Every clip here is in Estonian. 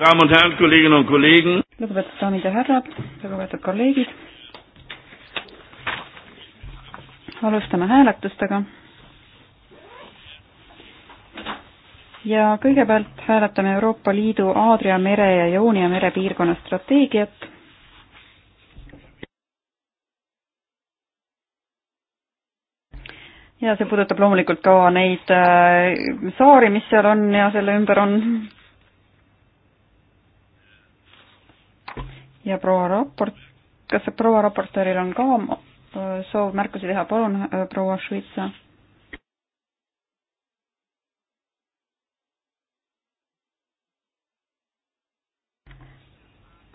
Damen und Herren, Kolleginnen und Kollegen. lugupeetud daamid ja härrad, lugupeetud kolleegid. alustame hääletustega. ja kõigepealt hääletame Euroopa Liidu Aadria mere ja Joonia mere piirkonna strateegiat. ja see puudutab loomulikult ka neid äh, saari, mis seal on ja selle ümber on ja proua raport, kas proua raportööril on ka äh, soov märkusi teha, palun, äh, proua Švitsa.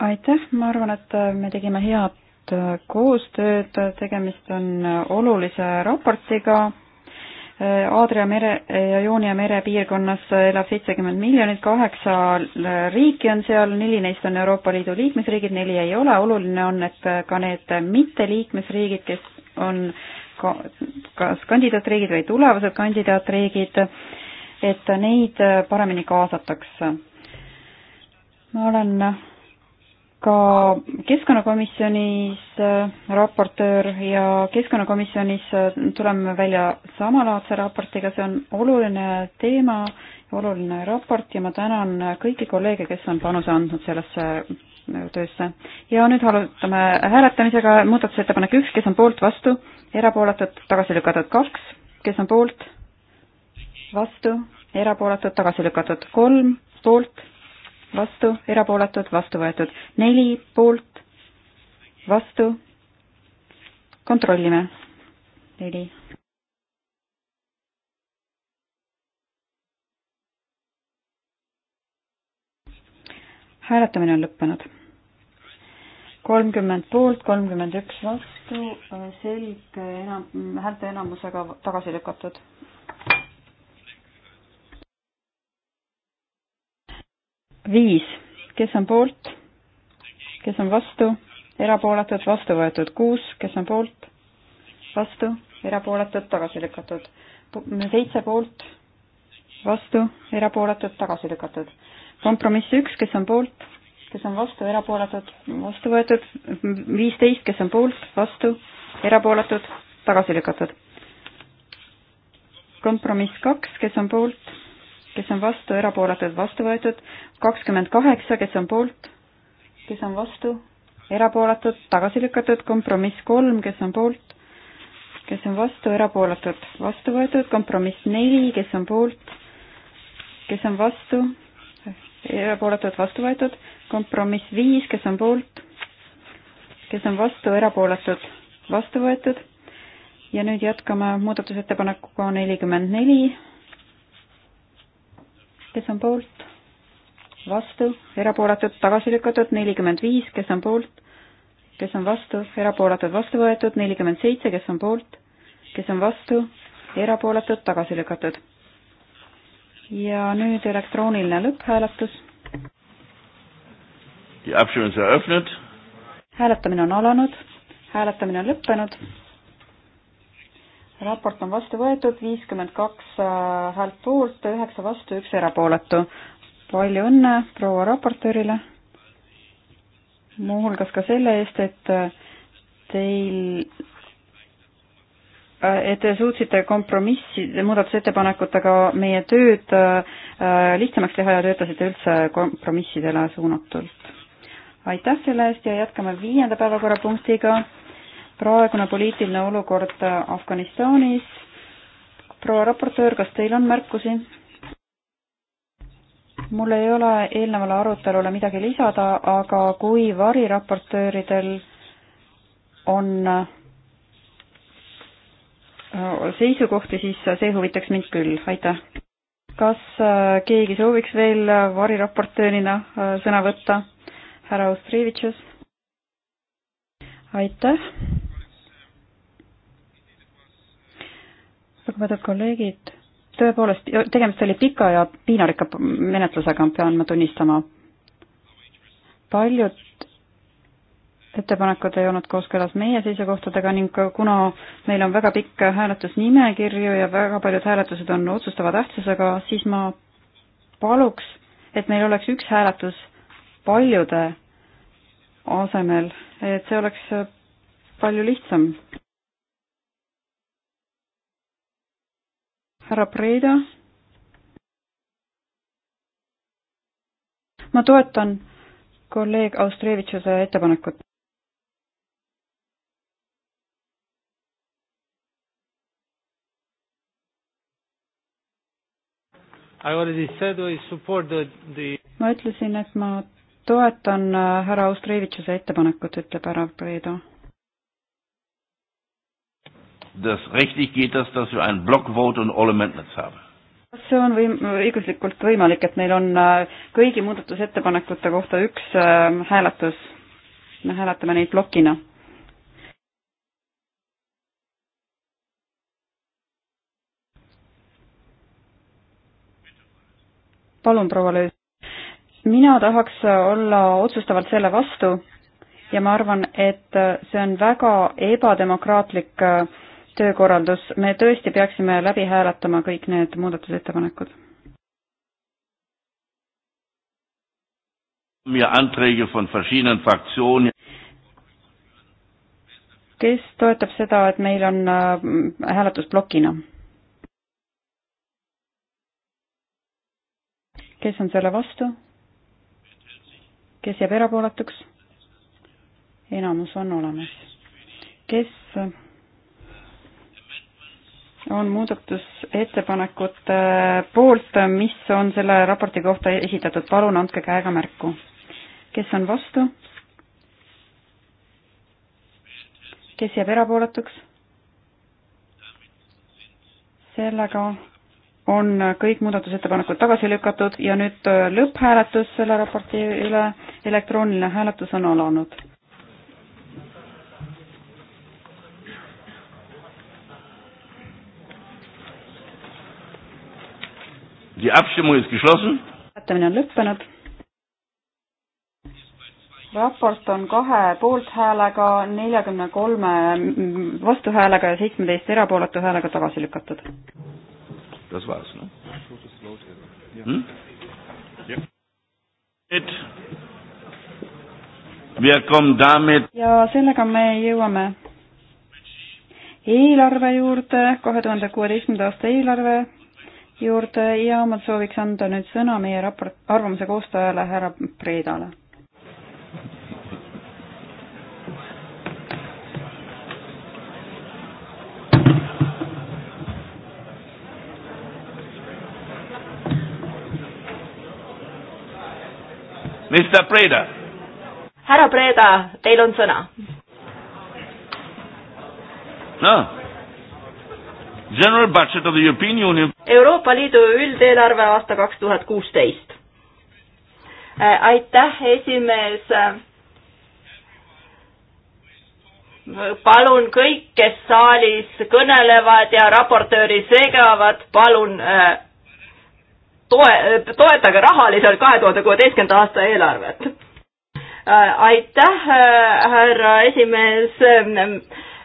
aitäh, ma arvan, et äh, me tegime head koostööd, tegemist on olulise raportiga Aadria mere ja Joonia mere piirkonnas elab seitsekümmend miljonit, kaheksa riiki on seal, neli neist on Euroopa Liidu liikmesriigid, neli ei ole, oluline on, et ka need mitteliikmesriigid, kes on ka, kas kandidaatriigid või tulevased kandidaatriigid, et neid paremini kaasataks. ma olen ka keskkonnakomisjonis äh, raportöör ja keskkonnakomisjonis äh, tuleme välja samalaadse raportiga, see on oluline teema, oluline raport ja ma tänan kõiki kolleege, kes on panuse andnud sellesse äh, töösse. ja nüüd alustame hääletamisega, muudatusettepanek üks, kes on poolt, vastu, erapooletud, tagasi lükatud kaks, kes on poolt, vastu, erapooletud, tagasi lükatud kolm, poolt vastu, erapooletud, vastu võetud. neli poolt, vastu, kontrollime. neli. hääletamine on lõppenud. kolmkümmend poolt, kolmkümmend üks vastu, selge enam, häälte enamusega tagasi lükatud. viis, kes on poolt, kes on vastu, erapooletud, vastu võetud kuus, kes on poolt, vastu, erapooletud, tagasi lükatud. seitse poolt, vastu, erapooletud, tagasi lükatud. kompromiss üks, kes on poolt, kes on vastu, erapooletud, vastu võetud, viisteist, kes on poolt, vastu, erapooletud, tagasi lükatud. kompromiss kaks, kes on poolt kes on vastu, erapooletud, vastu võetud, kakskümmend kaheksa, kes on poolt, kes on vastu, erapooletud, tagasi lükatud, kompromiss kolm, kes on poolt, kes on vastu, erapooletud, vastu võetud, kompromiss neli, kes on poolt, kes on vastu, erapooletud, vastu võetud, kompromiss viis, kes on poolt, kes on vastu, erapooletud, vastu võetud ja nüüd jätkame muudatusettepanekuga nelikümmend neli kes on poolt, vastu, erapooletud, tagasi lükatud, nelikümmend viis, kes on poolt, kes on vastu, erapooletud, vastu võetud, nelikümmend seitse, kes on poolt, kes on vastu, erapooletud, tagasi lükatud. ja nüüd elektrooniline lõpphääletus. hääletamine on alanud, hääletamine on lõppenud raport on vastu võetud, viiskümmend kaks äh, häält poolt, üheksa vastu, üks erapooletu. palju õnne proua raportöörile, muuhulgas ka selle eest, et äh, teil, äh, et te suutsite kompromissi, muudatusettepanekutega meie tööd lihtsamaks teha ja töötasite üldse kompromissidele suunatult. aitäh selle eest ja jätkame viienda päevakorrapunktiga praegune poliitiline olukord Afganistanis. proua raportöör, kas teil on märkusi? mul ei ole eelnevale arutelule midagi lisada, aga kui variraportööridel on äh, seisukohti, siis see huvitaks mind küll, aitäh. kas äh, keegi sooviks veel variraportöörina äh, sõna võtta? härra Ostrivitšus. aitäh lugupeetud kolleegid, tõepoolest, tegemist oli pika ja piinarikka menetlusega, pean ma tunnistama. paljud ettepanekud ei olnud kooskõlas meie seisukohtadega ning kuna meil on väga pikk hääletusnimekirju ja väga paljud hääletused on otsustava tähtsusega, siis ma paluks, et meil oleks üks hääletus paljude asemel, et see oleks palju lihtsam. härra Preda. ma toetan kolleeg Austrevitšuse ettepanekut. ma ütlesin, et ma toetan äh, härra Austrevitšuse ettepanekut, ütleb härra Predo das rechtlich geht das, dass wir ein Block Vote on all amendments haben. kas see on võim-, õiguslikult võimalik, et meil on äh, kõigi muudatusettepanekute kohta üks äh, hääletus, me hääletame neid plokina? palun, proua Löös. mina tahaks olla otsustavalt selle vastu ja ma arvan, et äh, see on väga ebademokraatlik äh, töökorraldus, me tõesti peaksime läbi hääletama kõik need muudatusettepanekud. kes toetab seda, et meil on äh, hääletus plokina? kes on selle vastu? kes jääb erapooletuks? enamus on olemas. kes on muudatusettepanekute poolt, mis on selle raporti kohta esitatud, palun andke käega märku. kes on vastu? kes jääb erapooletuks? sellega on kõik muudatusettepanekud tagasi lükatud ja nüüd lõpphääletus selle raporti üle, elektrooniline hääletus on alanud Die Abstimmung ist geschlossen. hääletamine on lõppenud. raport on kahe poolthäälega, neljakümne kolme vastuhäälega ja seitsmeteist erapooletu häälega tagasi lükatud. Das war's, ne? Hm? ja sellega me jõuame eelarve juurde, kahe tuhande kuueteistkümnenda aasta eelarve juurde ja ma sooviks anda nüüd sõna meie raport, arvamuse koostajale, härra Preedale. Mr Preda. härra Preda, teil on sõna. noh General Budget of the European Union. Euroopa Liidu üldeelarve aasta kaks tuhat kuusteist. Äh, aitäh, esimees. palun kõik, kes saalis kõnelevad ja raportööri segavad, palun äh, toe, toetage rahaliselt kahe tuhande kuueteistkümnenda aasta eelarvet. Äh, aitäh, härra esimees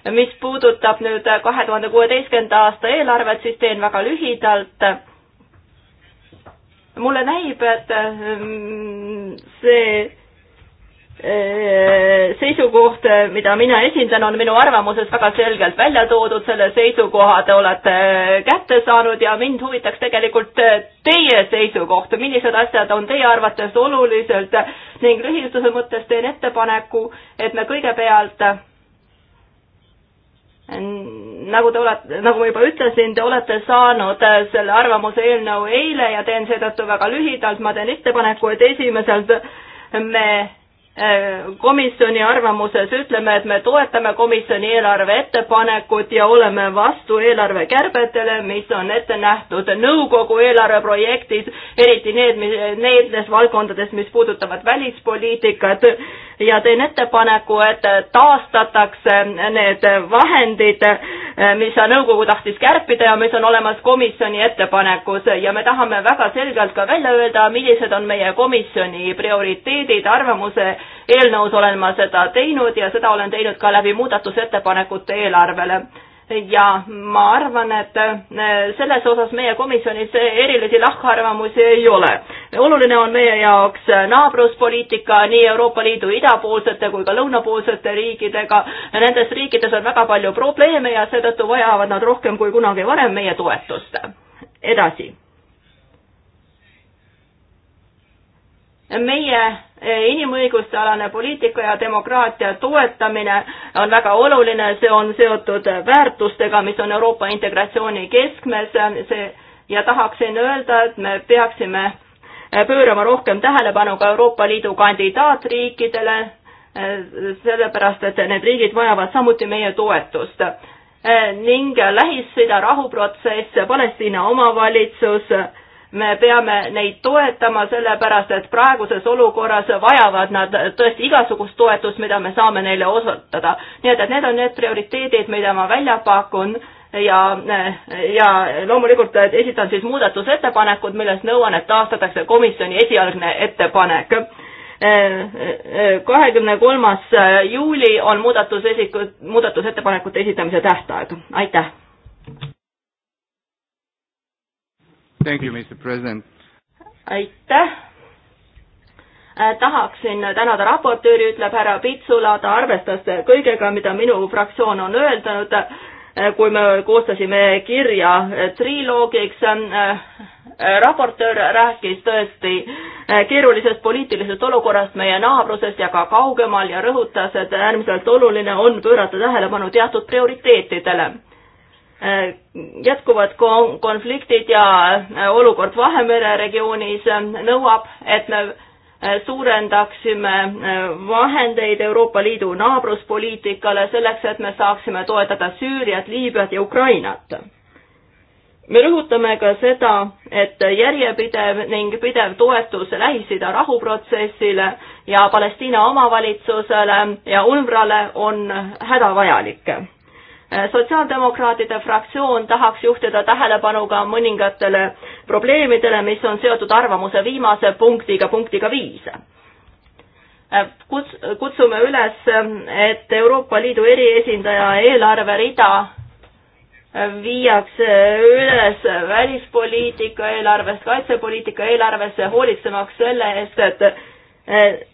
mis puudutab nüüd kahe tuhande kuueteistkümnenda aasta eelarvet, siis teen väga lühidalt. mulle näib, et mm, see e, seisukoht, mida mina esindan, on minu arvamuses väga selgelt välja toodud, selle seisukoha te olete kätte saanud ja mind huvitaks tegelikult teie seisukoht, millised asjad on teie arvates olulised ning lühiduse mõttes teen ettepaneku, et me kõigepealt nagu te olete, nagu ma juba ütlesin, te olete saanud äh, selle arvamuse eelnõu eile ja teen seetõttu väga lühidalt, ma teen ettepaneku, et esimeselt me Äh, komisjoni arvamuses ütleme, et me toetame komisjoni eelarve ettepanekut ja oleme vastu eelarvekärbetele, mis on ette nähtud nõukogu eelarveprojektis, eriti need, nendes valdkondades, mis puudutavad välispoliitikat ja teen ettepaneku, et taastatakse need vahendid, äh, mis nõukogu tahtis kärpida ja mis on olemas komisjoni ettepanekus ja me tahame väga selgelt ka välja öelda, millised on meie komisjoni prioriteedid arvamuse eelnõus olen ma seda teinud ja seda olen teinud ka läbi muudatusettepanekute eelarvele ja ma arvan, et e, selles osas meie komisjonis erilisi lahkarvamusi ei ole. oluline on meie jaoks naabruspoliitika nii Euroopa Liidu idapoolsete kui ka lõunapoolsete riikidega. Nendes riikides on väga palju probleeme ja seetõttu vajavad nad rohkem kui kunagi varem meie toetust. edasi. meie inimõiguste alane poliitika ja demokraatia toetamine on väga oluline, see on seotud väärtustega, mis on Euroopa integratsiooni keskmes, see ja tahaksin öelda, et me peaksime pöörama rohkem tähelepanu ka Euroopa Liidu kandidaatriikidele, sellepärast et need riigid vajavad samuti meie toetust. ning Lähis-Ida rahuprotsess, Palestiina omavalitsus, me peame neid toetama, sellepärast et praeguses olukorras vajavad nad tõesti igasugust toetust, mida me saame neile osutada. nii et, et need on need prioriteedid, mida ma välja pakun ja, ja loomulikult esitan siis muudatusettepanekud, milles nõuan, et taastatakse komisjoni esialgne ettepanek kahekümne kolmas juuli on muudatusesikud, muudatusettepanekute esitamise tähtaeg, aitäh! Thank you, Mr President. aitäh. Äh, tahaksin tänada raportööri, ütleb härra Pitsula, ta arvestas kõigega, mida minu fraktsioon on öeldanud, äh, kui me koostasime kirja triloogiks äh, raportöör rääkis tõesti keerulisest poliitilisest olukorrast meie naabrusest ja ka kaugemal ja rõhutas, et äärmiselt oluline on pöörata tähelepanu teatud prioriteetidele Äh, jätkuvad konfliktid ja äh, olukord Vahemere regioonis äh, nõuab, et me suurendaksime vahendeid Euroopa Liidu naabruspoliitikale selleks, et me saaksime toetada Süüriat, Liibüat ja Ukrainat. me rõhutame ka seda, et järjepidev ning pidev toetus Lähis-Ida rahuprotsessile ja Palestiina omavalitsusele ja UNRWA-le on hädavajalik Äh, sotsiaaldemokraatide fraktsioon tahaks juhtida tähelepanu ka mõningatele probleemidele, mis on seotud arvamuse viimase punktiga, punktiga viis. Äh, kuts-, kutsume üles, et Euroopa Liidu eriesindaja eelarverida äh, viiakse üles välispoliitika eelarvest kaitsepoliitika eelarvesse, hoolitsemaks selle eest, et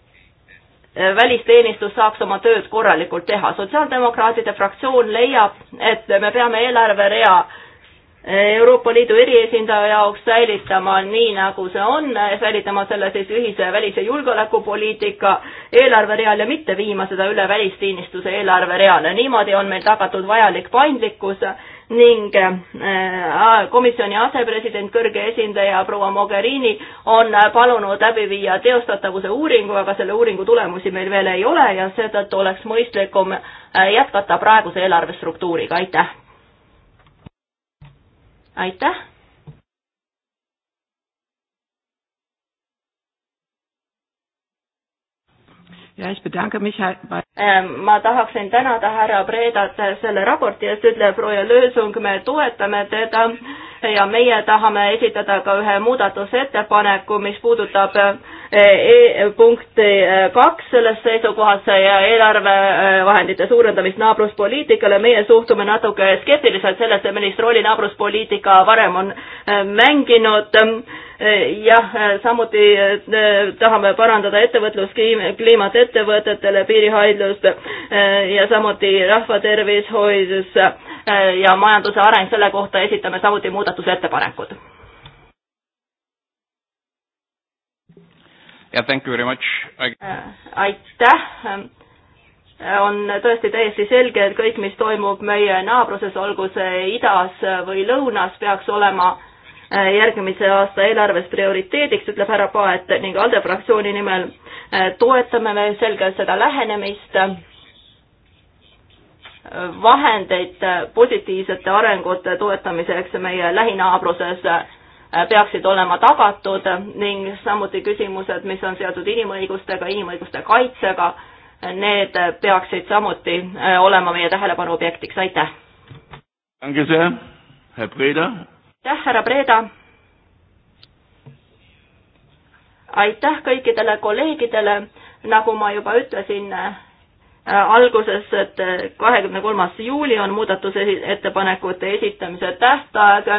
Äh, välisteenistus saaks oma tööd korralikult teha. sotsiaaldemokraatide fraktsioon leiab, et me peame eelarverea äh, Euroopa Liidu eriesindaja jaoks säilitama nii, nagu see on, säilitama selle siis ühise välis- ja julgeolekupoliitika eelarvereal ja mitte viima seda üle välisteenistuse eelarvereale. niimoodi on meil tagatud vajalik paindlikkus ning äh, komisjoni asepresident, kõrge esindaja proua Mogherini on äh, palunud läbi viia teostatavuse uuringu, aga selle uuringu tulemusi meil veel ei ole ja seetõttu oleks mõistlikum äh, jätkata praeguse eelarvestruktuuriga, aitäh. aitäh. ja siis bedanke mich bei Ähm, ma tahaksin tänada härra Predat selle raporti eest, ütleb Roja Löösung, me toetame teda ja meie tahame esitada ka ühe muudatusettepaneku, mis puudutab äh, e punkti kaks selles seisukohas ja eelarvevahendite e, suurendamist naabruspoliitikale. meie suhtume natuke skeptiliselt sellesse, millist rolli naabruspoliitika varem on e, mänginud. E, jah, samuti tahame parandada ettevõtluskliimat ettevõtetele, piirihaidlust ja samuti rahvatervishoidus ja majanduse areng, selle kohta esitame samuti muudatusettepanekud yeah,. Thank you very much I.... Äh, aitäh. on tõesti täiesti selge, et kõik, mis toimub meie naabruses, olgu see idas või lõunas, peaks olema äh, järgmise aasta eelarves prioriteediks, ütleb härra Paet ning ALDE fraktsiooni nimel äh, toetame me selgelt seda lähenemist. vahendeid positiivsete arengute toetamiseks meie lähinaabruses Äh, peaksid olema tagatud ning samuti küsimused, mis on seotud inimõigustega, inimõiguste kaitsega, need peaksid samuti äh, olema meie tähelepanu objektiks, aitäh. aitäh, härra Breda. aitäh kõikidele kolleegidele, nagu ma juba ütlesin äh, alguses, et kahekümne kolmas juuli on muudatusettepanekute esitamise tähtaeg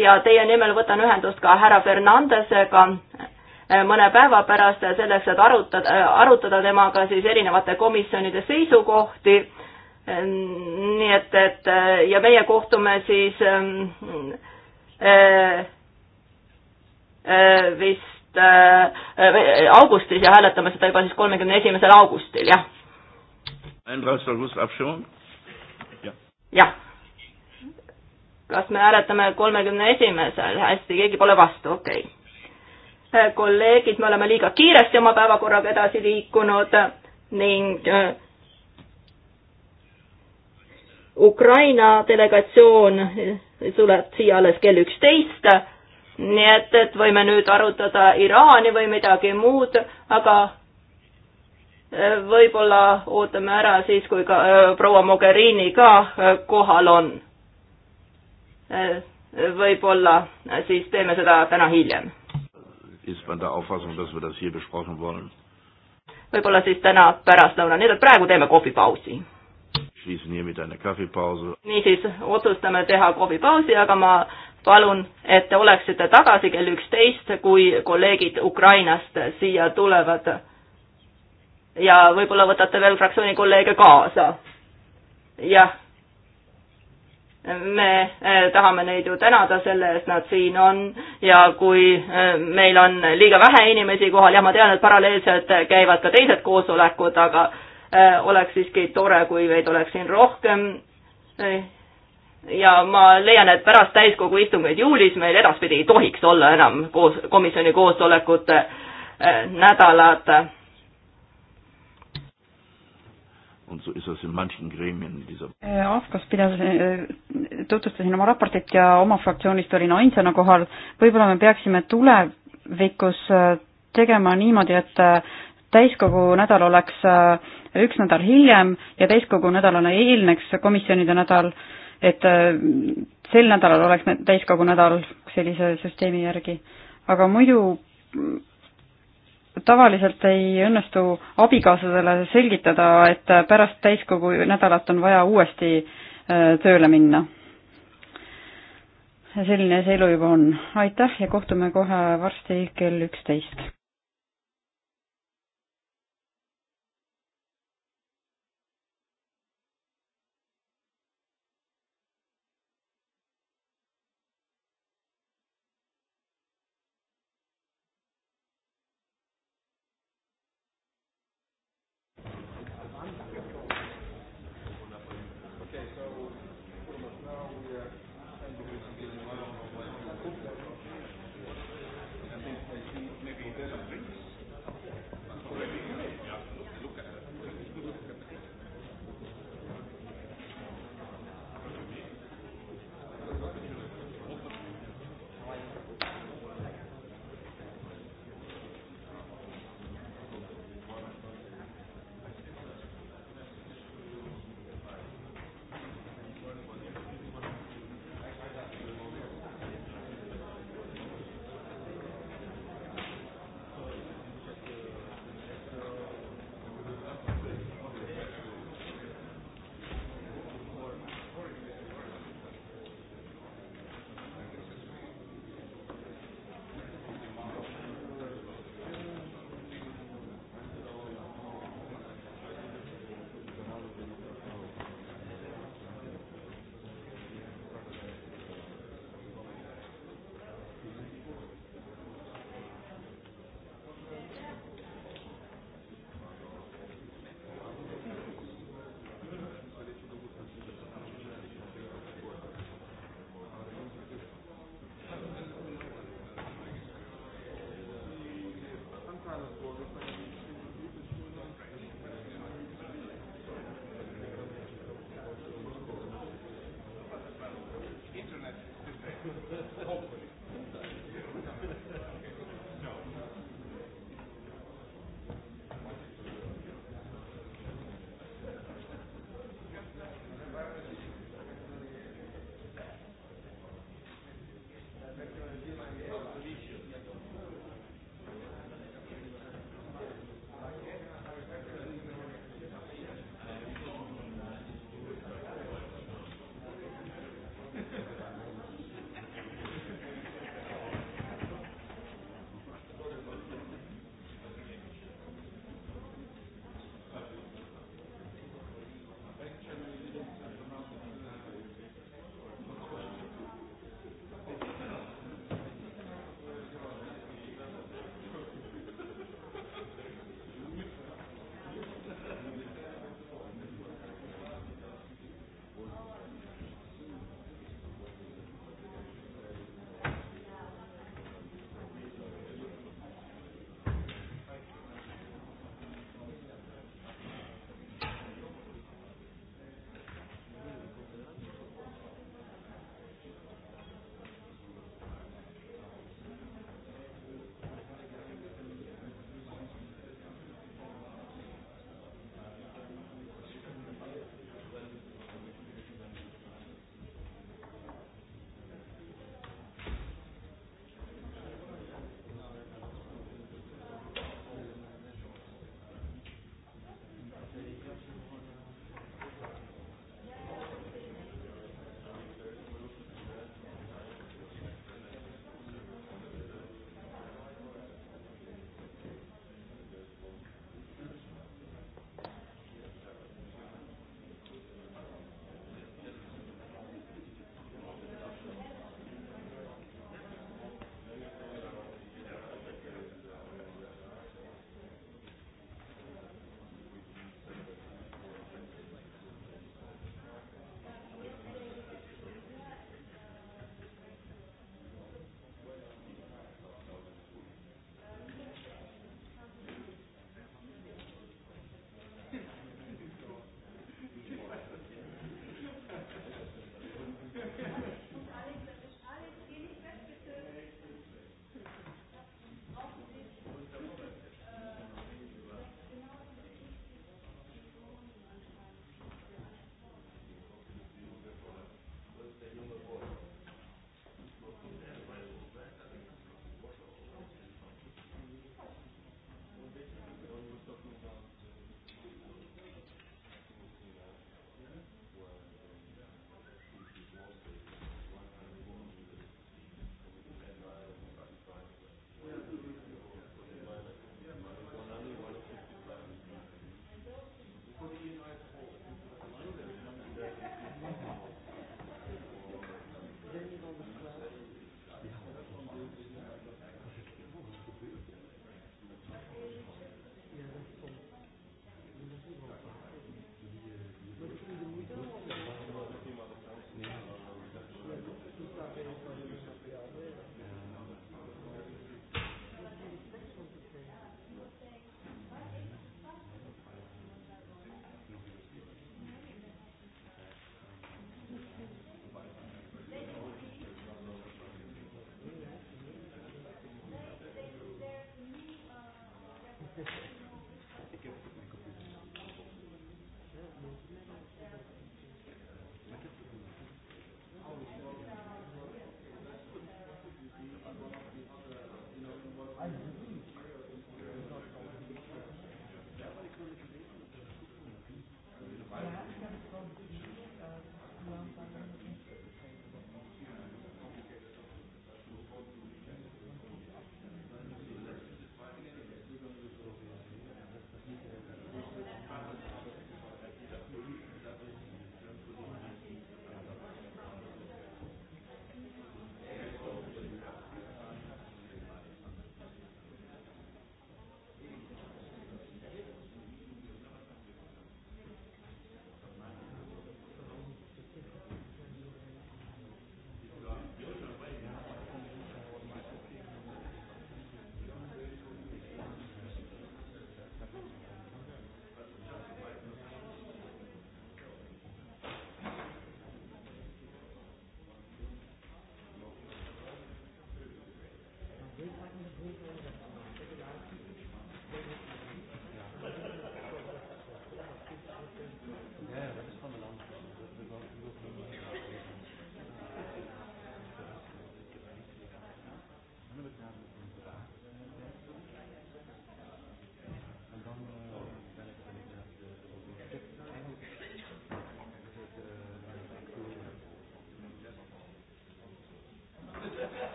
ja teie nimel võtan ühendust ka härra Fernandesega eh, mõne päeva pärast eh, selleks, et arutada, eh, arutada temaga siis erinevate komisjonide seisukohti. Ehm, nii et, et ja meie kohtume siis äh, äh, vist äh, augustis ja hääletame seda juba siis kolmekümne esimesel augustil, jah. jah kas me hääletame kolmekümne esimesel, hästi, keegi pole vastu, okei okay.. Eh, kolleegid, me oleme liiga kiiresti oma päevakorraga edasi liikunud ning eh, Ukraina delegatsioon tuleb siia alles kell üksteist, nii et, et võime nüüd arutada Iraani või midagi muud, aga eh, võib-olla ootame ära siis, kui ka äh, proua Mogherini ka äh, kohal on Äh, võib-olla siis teeme seda täna hiljem. võib-olla siis täna pärastlõunal, nii et praegu teeme kohvipausi schließen hiermit eine Kaffeepause. niisiis otsustame teha kohvipausi, aga ma palun, et te oleksite tagasi kell üksteist, kui kolleegid Ukrainast siia tulevad. ja võib-olla võtate veel fraktsiooni kolleege kaasa. jah me eh, tahame neid ju tänada selle eest, nad siin on ja kui eh, meil on liiga vähe inimesi kohal, jah, ma tean, et paralleelselt käivad ka teised koosolekud, aga eh, oleks siiski tore, kui meid oleks siin rohkem. ja ma leian, et pärast täiskogu istungeid juulis meil edaspidi ei tohiks olla enam koos, komisjoni koosolekute nädalad Und so ist das in manchen Gremien in dieser AFCAS äh, pidasin, äh, tutvustasin oma raportit ja oma fraktsioonist olin ainsana kohal. võib-olla me peaksime tulevikus äh, tegema niimoodi, et täiskogu nädal oleks üks nädal hiljem ja täiskogu nädalale eelneks komisjonide nädal, et sel nädalal oleks täiskogu nädal sellise süsteemi järgi. aga muidu tavaliselt ei õnnestu abikaasadele selgitada, et pärast täiskogu nädalat on vaja uuesti äh, tööle minna. selline see elu juba on. aitäh ja kohtume kohe varsti kell üksteist.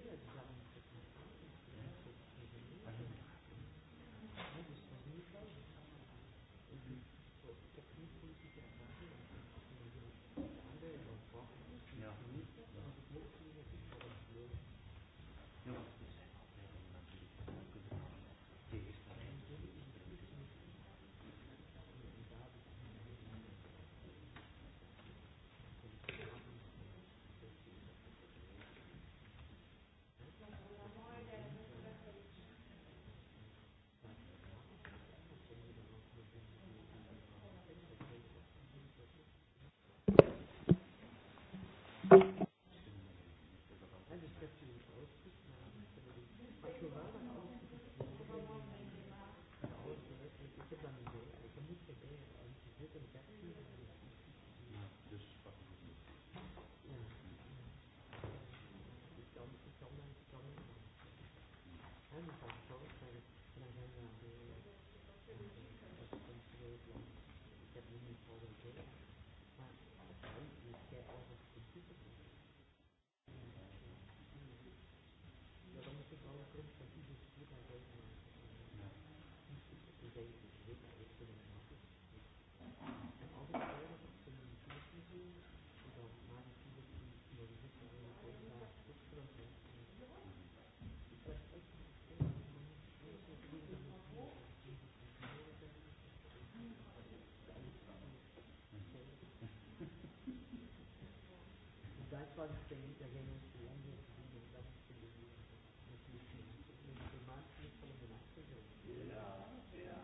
community Volksbank dagegen zu Ende handeln, das zu lösen. Das ist mit dem Markt nicht problematisch. Ja, ja.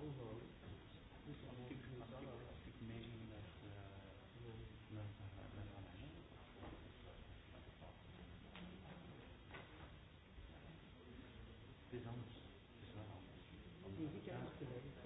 Overall, this one will be dollar. Des Amts, des Amts. Die Sicherheit zu lösen.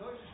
deutsche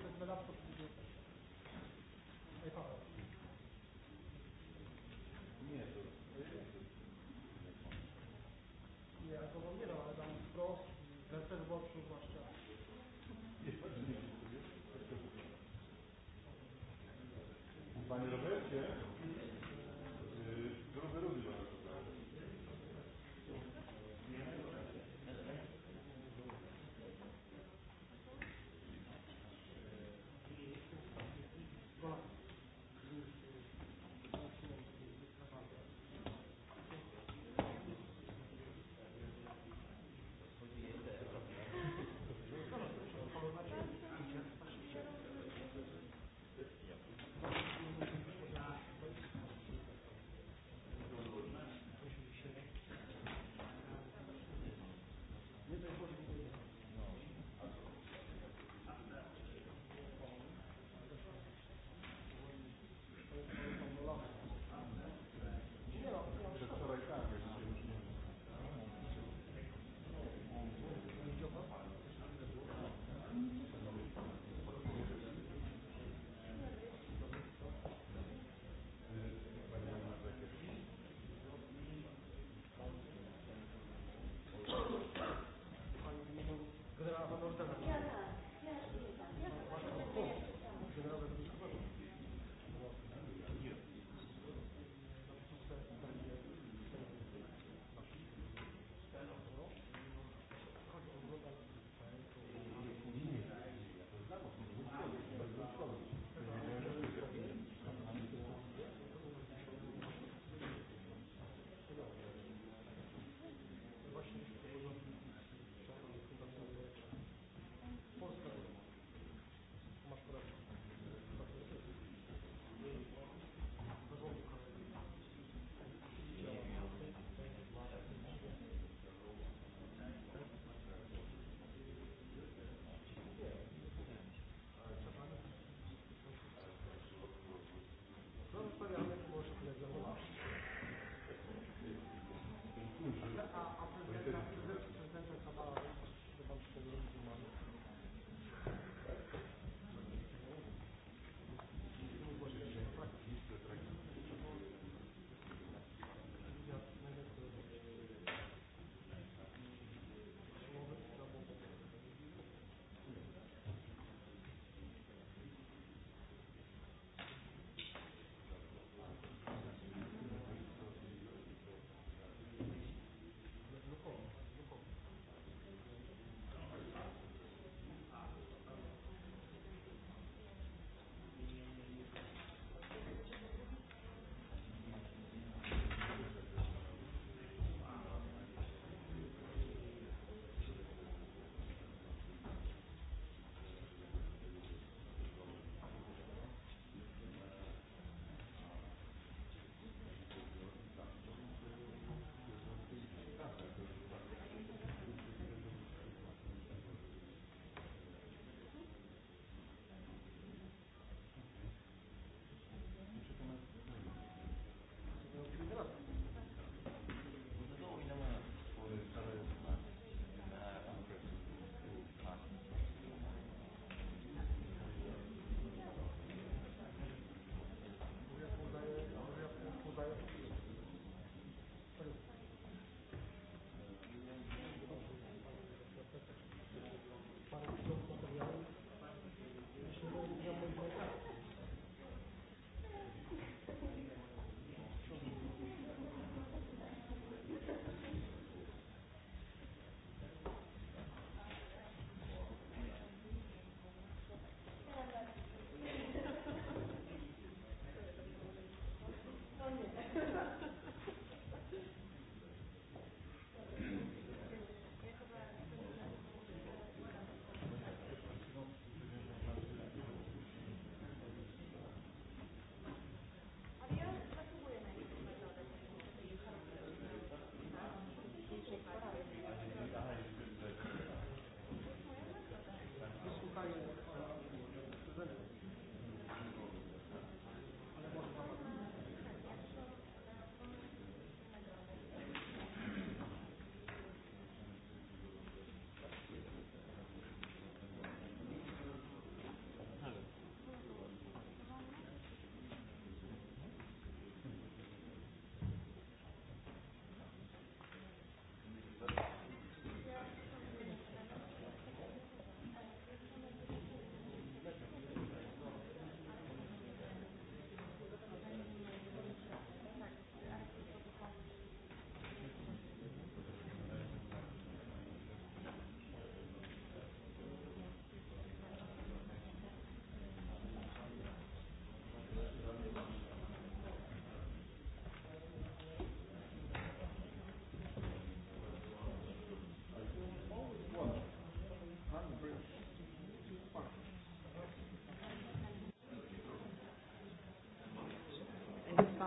Ei, ei, ei.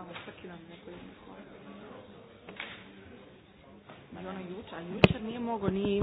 questo chi nam neko ima koja. Ma ono jučer, a jučer nije mogo, ni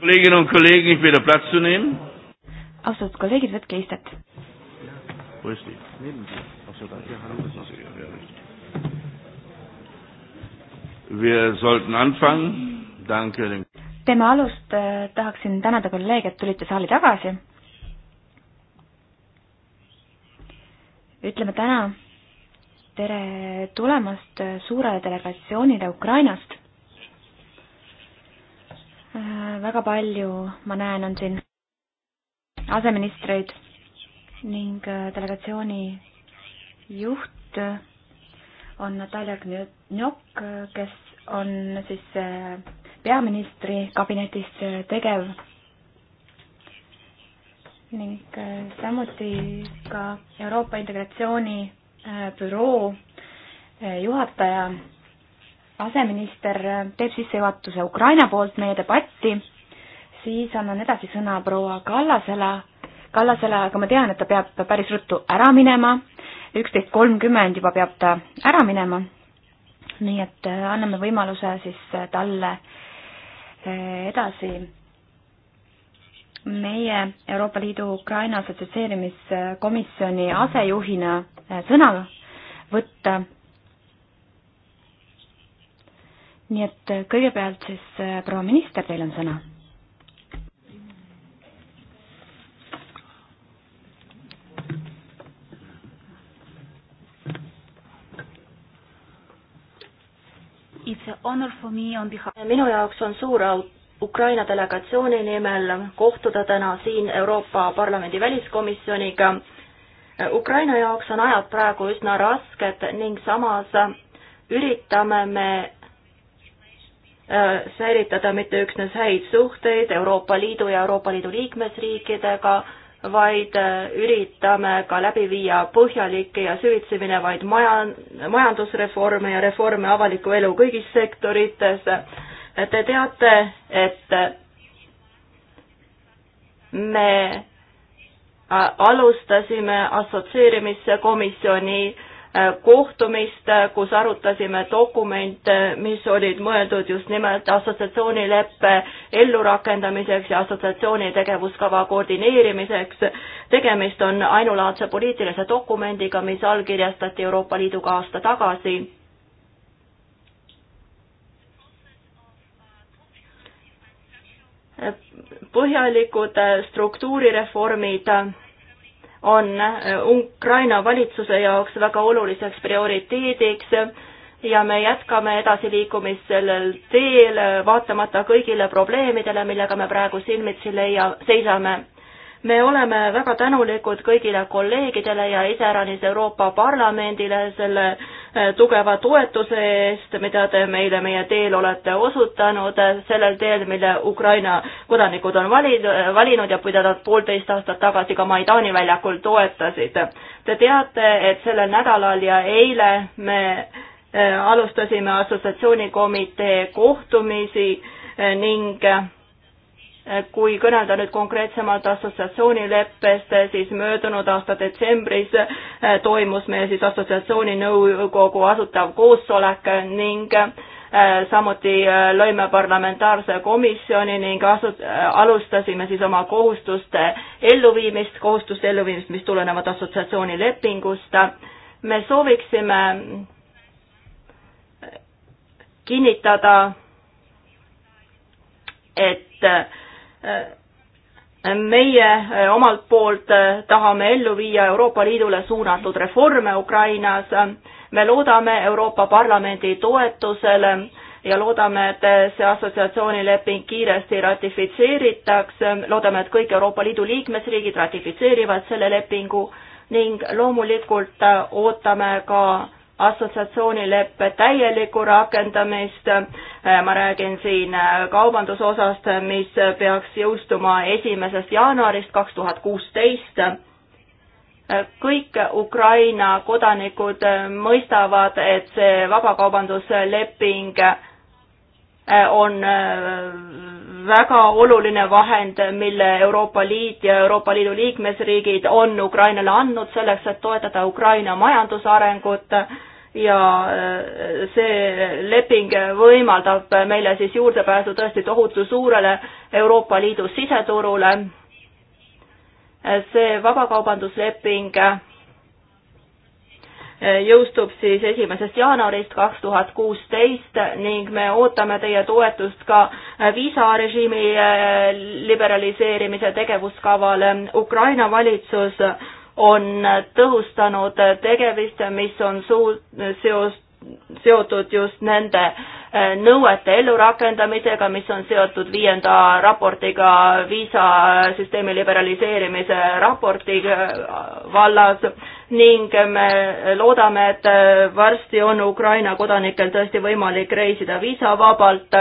Kolleginnen und Kollegen, ich bitte Platz zu nehmen. austatud kolleegid, võtke istet. Wir sollten anfangen. Danke. teeme alust, äh, tahaksin tänada kolleege, et tulite saali tagasi. ütleme täna tere tulemast suurele delegatsioonile Ukrainast. väga palju, ma näen, on siin aseministreid ning äh, delegatsiooni juht on Natalja Gnjok, kes on siis äh, peaministri kabinetis äh, tegev ning samuti ka Euroopa Integratsiooni büroo juhataja, aseminister teeb sissejuhatuse Ukraina poolt meie debatti siis annan edasi sõna proua Kallasele, Kallasele, aga ma tean, et ta peab päris ruttu ära minema, üksteist kolmkümmend juba peab ta ära minema, nii et äh, anname võimaluse siis äh, talle äh, edasi meie Euroopa Liidu Ukraina assotsieerimiskomisjoni asejuhina sõna võtta. nii et kõigepealt siis proua minister, teil on sõna minu jaoks on suur au Ukraina delegatsiooni nimel kohtuda täna siin Euroopa Parlamendi väliskomisjoniga. Ukraina jaoks on ajad praegu üsna rasked ning samas üritame me äh, säilitada mitte üksnes häid suhteid Euroopa Liidu ja Euroopa Liidu liikmesriikidega, vaid äh, üritame ka läbi viia põhjalikke ja süvitsi minevaid maja, majandusreforme ja reforme avaliku elu kõigis sektorites. Te teate, et me äh, alustasime assotsieerimise komisjoni Äh, kohtumist, äh, kus arutasime dokumente, mis olid mõeldud just nimelt assotsiatsioonileppe ellurakendamiseks ja assotsiatsiooni tegevuskava koordineerimiseks. tegemist on ainulaadse poliitilise dokumendiga, mis allkirjastati Euroopa Liiduga aasta tagasi põhjalikud äh, struktuurireformid on äh, Ukraina valitsuse jaoks väga oluliseks prioriteediks ja me jätkame edasiliikumist sellel teel, vaatamata kõigile probleemidele, millega me praegu silmitsi leia-, seisame me oleme väga tänulikud kõigile kolleegidele ja iseäranis Euroopa Parlamendile selle eh, tugeva toetuse eest, mida te meile meie teel olete osutanud, eh, sellel teel, mille Ukraina kodanikud on valid, eh, valinud ja mida nad poolteist aastat tagasi ka Maidani väljakul toetasid. Te teate, et sellel nädalal ja eile me alustasime assotsiatsioonikomitee kohtumisi ning kui kõnelda nüüd konkreetsemalt assotsiatsioonileppest, siis möödunud aasta detsembris eh, toimus meil siis assotsiatsiooni nõukogu asutav koosolek ning eh, samuti eh, lõime parlamentaarse komisjoni ning asu-, alustasime siis oma kohustuste elluviimist, kohustuste elluviimist, mis tulenevad assotsiatsioonilepingust. me sooviksime kinnitada, et meie eh, omalt poolt eh, tahame ellu viia Euroopa Liidule suunatud reforme Ukrainas. me loodame Euroopa Parlamendi toetusele ja loodame, et see assotsiatsioonileping kiiresti ratifitseeritakse. loodame, et kõik Euroopa Liidu liikmesriigid ratifitseerivad selle lepingu ning loomulikult eh, ootame ka assotsiatsioonileppe täielikku rakendamist. Äh, ma räägin siin äh, kaubandusosast, mis peaks jõustuma esimesest jaanuarist kaks tuhat kuusteist. Äh, kõik Ukraina kodanikud mõistavad, et see vabakaubandusleping on väga oluline vahend, mille Euroopa Liit ja Euroopa Liidu liikmesriigid on Ukrainale andnud selleks, et toetada Ukraina majandusarengut ja äh, see leping võimaldab meile siis juurdepääsu tõesti tohutu suurele Euroopa Liidu siseturule. see vabakaubandusleping äh, jõustub siis esimesest jaanuarist kaks tuhat kuusteist ning me ootame teie toetust ka äh, viisarežiimi liberaliseerimise tegevuskavale. Ukraina valitsus on tõhustanud tegevist, mis on suu-, seos-, seotud just nende eh, nõuete ellurakendamisega, mis on seotud viienda raportiga, viisasüsteemi liberaliseerimise raporti eh, vallas ning me loodame, et eh, varsti on Ukraina kodanikel tõesti võimalik reisida viisavabalt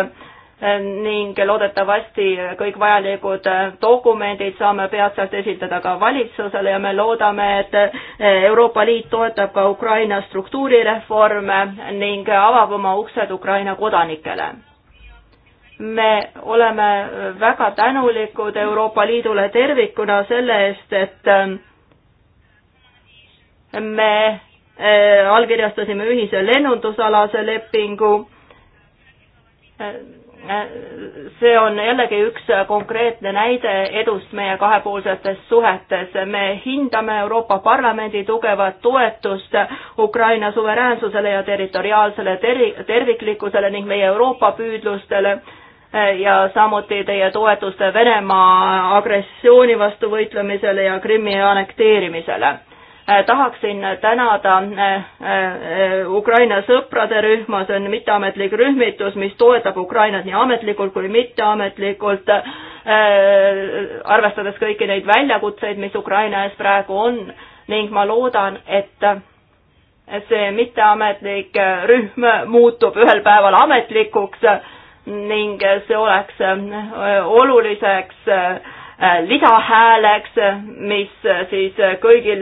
ning loodetavasti kõik vajalikud dokumendid saame peatselt esitada ka valitsusele ja me loodame, et Euroopa Liit toetab ka Ukraina struktuurireforme ning avab oma uksed Ukraina kodanikele. me oleme väga tänulikud Euroopa Liidule tervikuna selle eest, et me eh, allkirjastasime ühise lennundusalase lepingu see on jällegi üks konkreetne näide edust meie kahepoolsetes suhetes. me hindame Euroopa Parlamendi tugevat toetust Ukraina suveräänsusele ja territoriaalsele ter-, terviklikkusele ning meie Euroopa püüdlustele ja samuti teie toetuste Venemaa agressiooni vastu võitlemisele ja Krimmi annekteerimisele Äh, tahaksin tänada äh, äh, Ukraina sõprade rühma, see on mitteametlik rühmitus, mis toetab Ukrainat nii ametlikult kui mitteametlikult, arvestades kõiki neid väljakutseid, mis Ukraina ees praegu on ning ma loodan, et see mitteametlik rühm muutub ühel päeval ametlikuks ning see oleks oluliseks Äh, lisahääleks, mis äh, siis äh, kõigil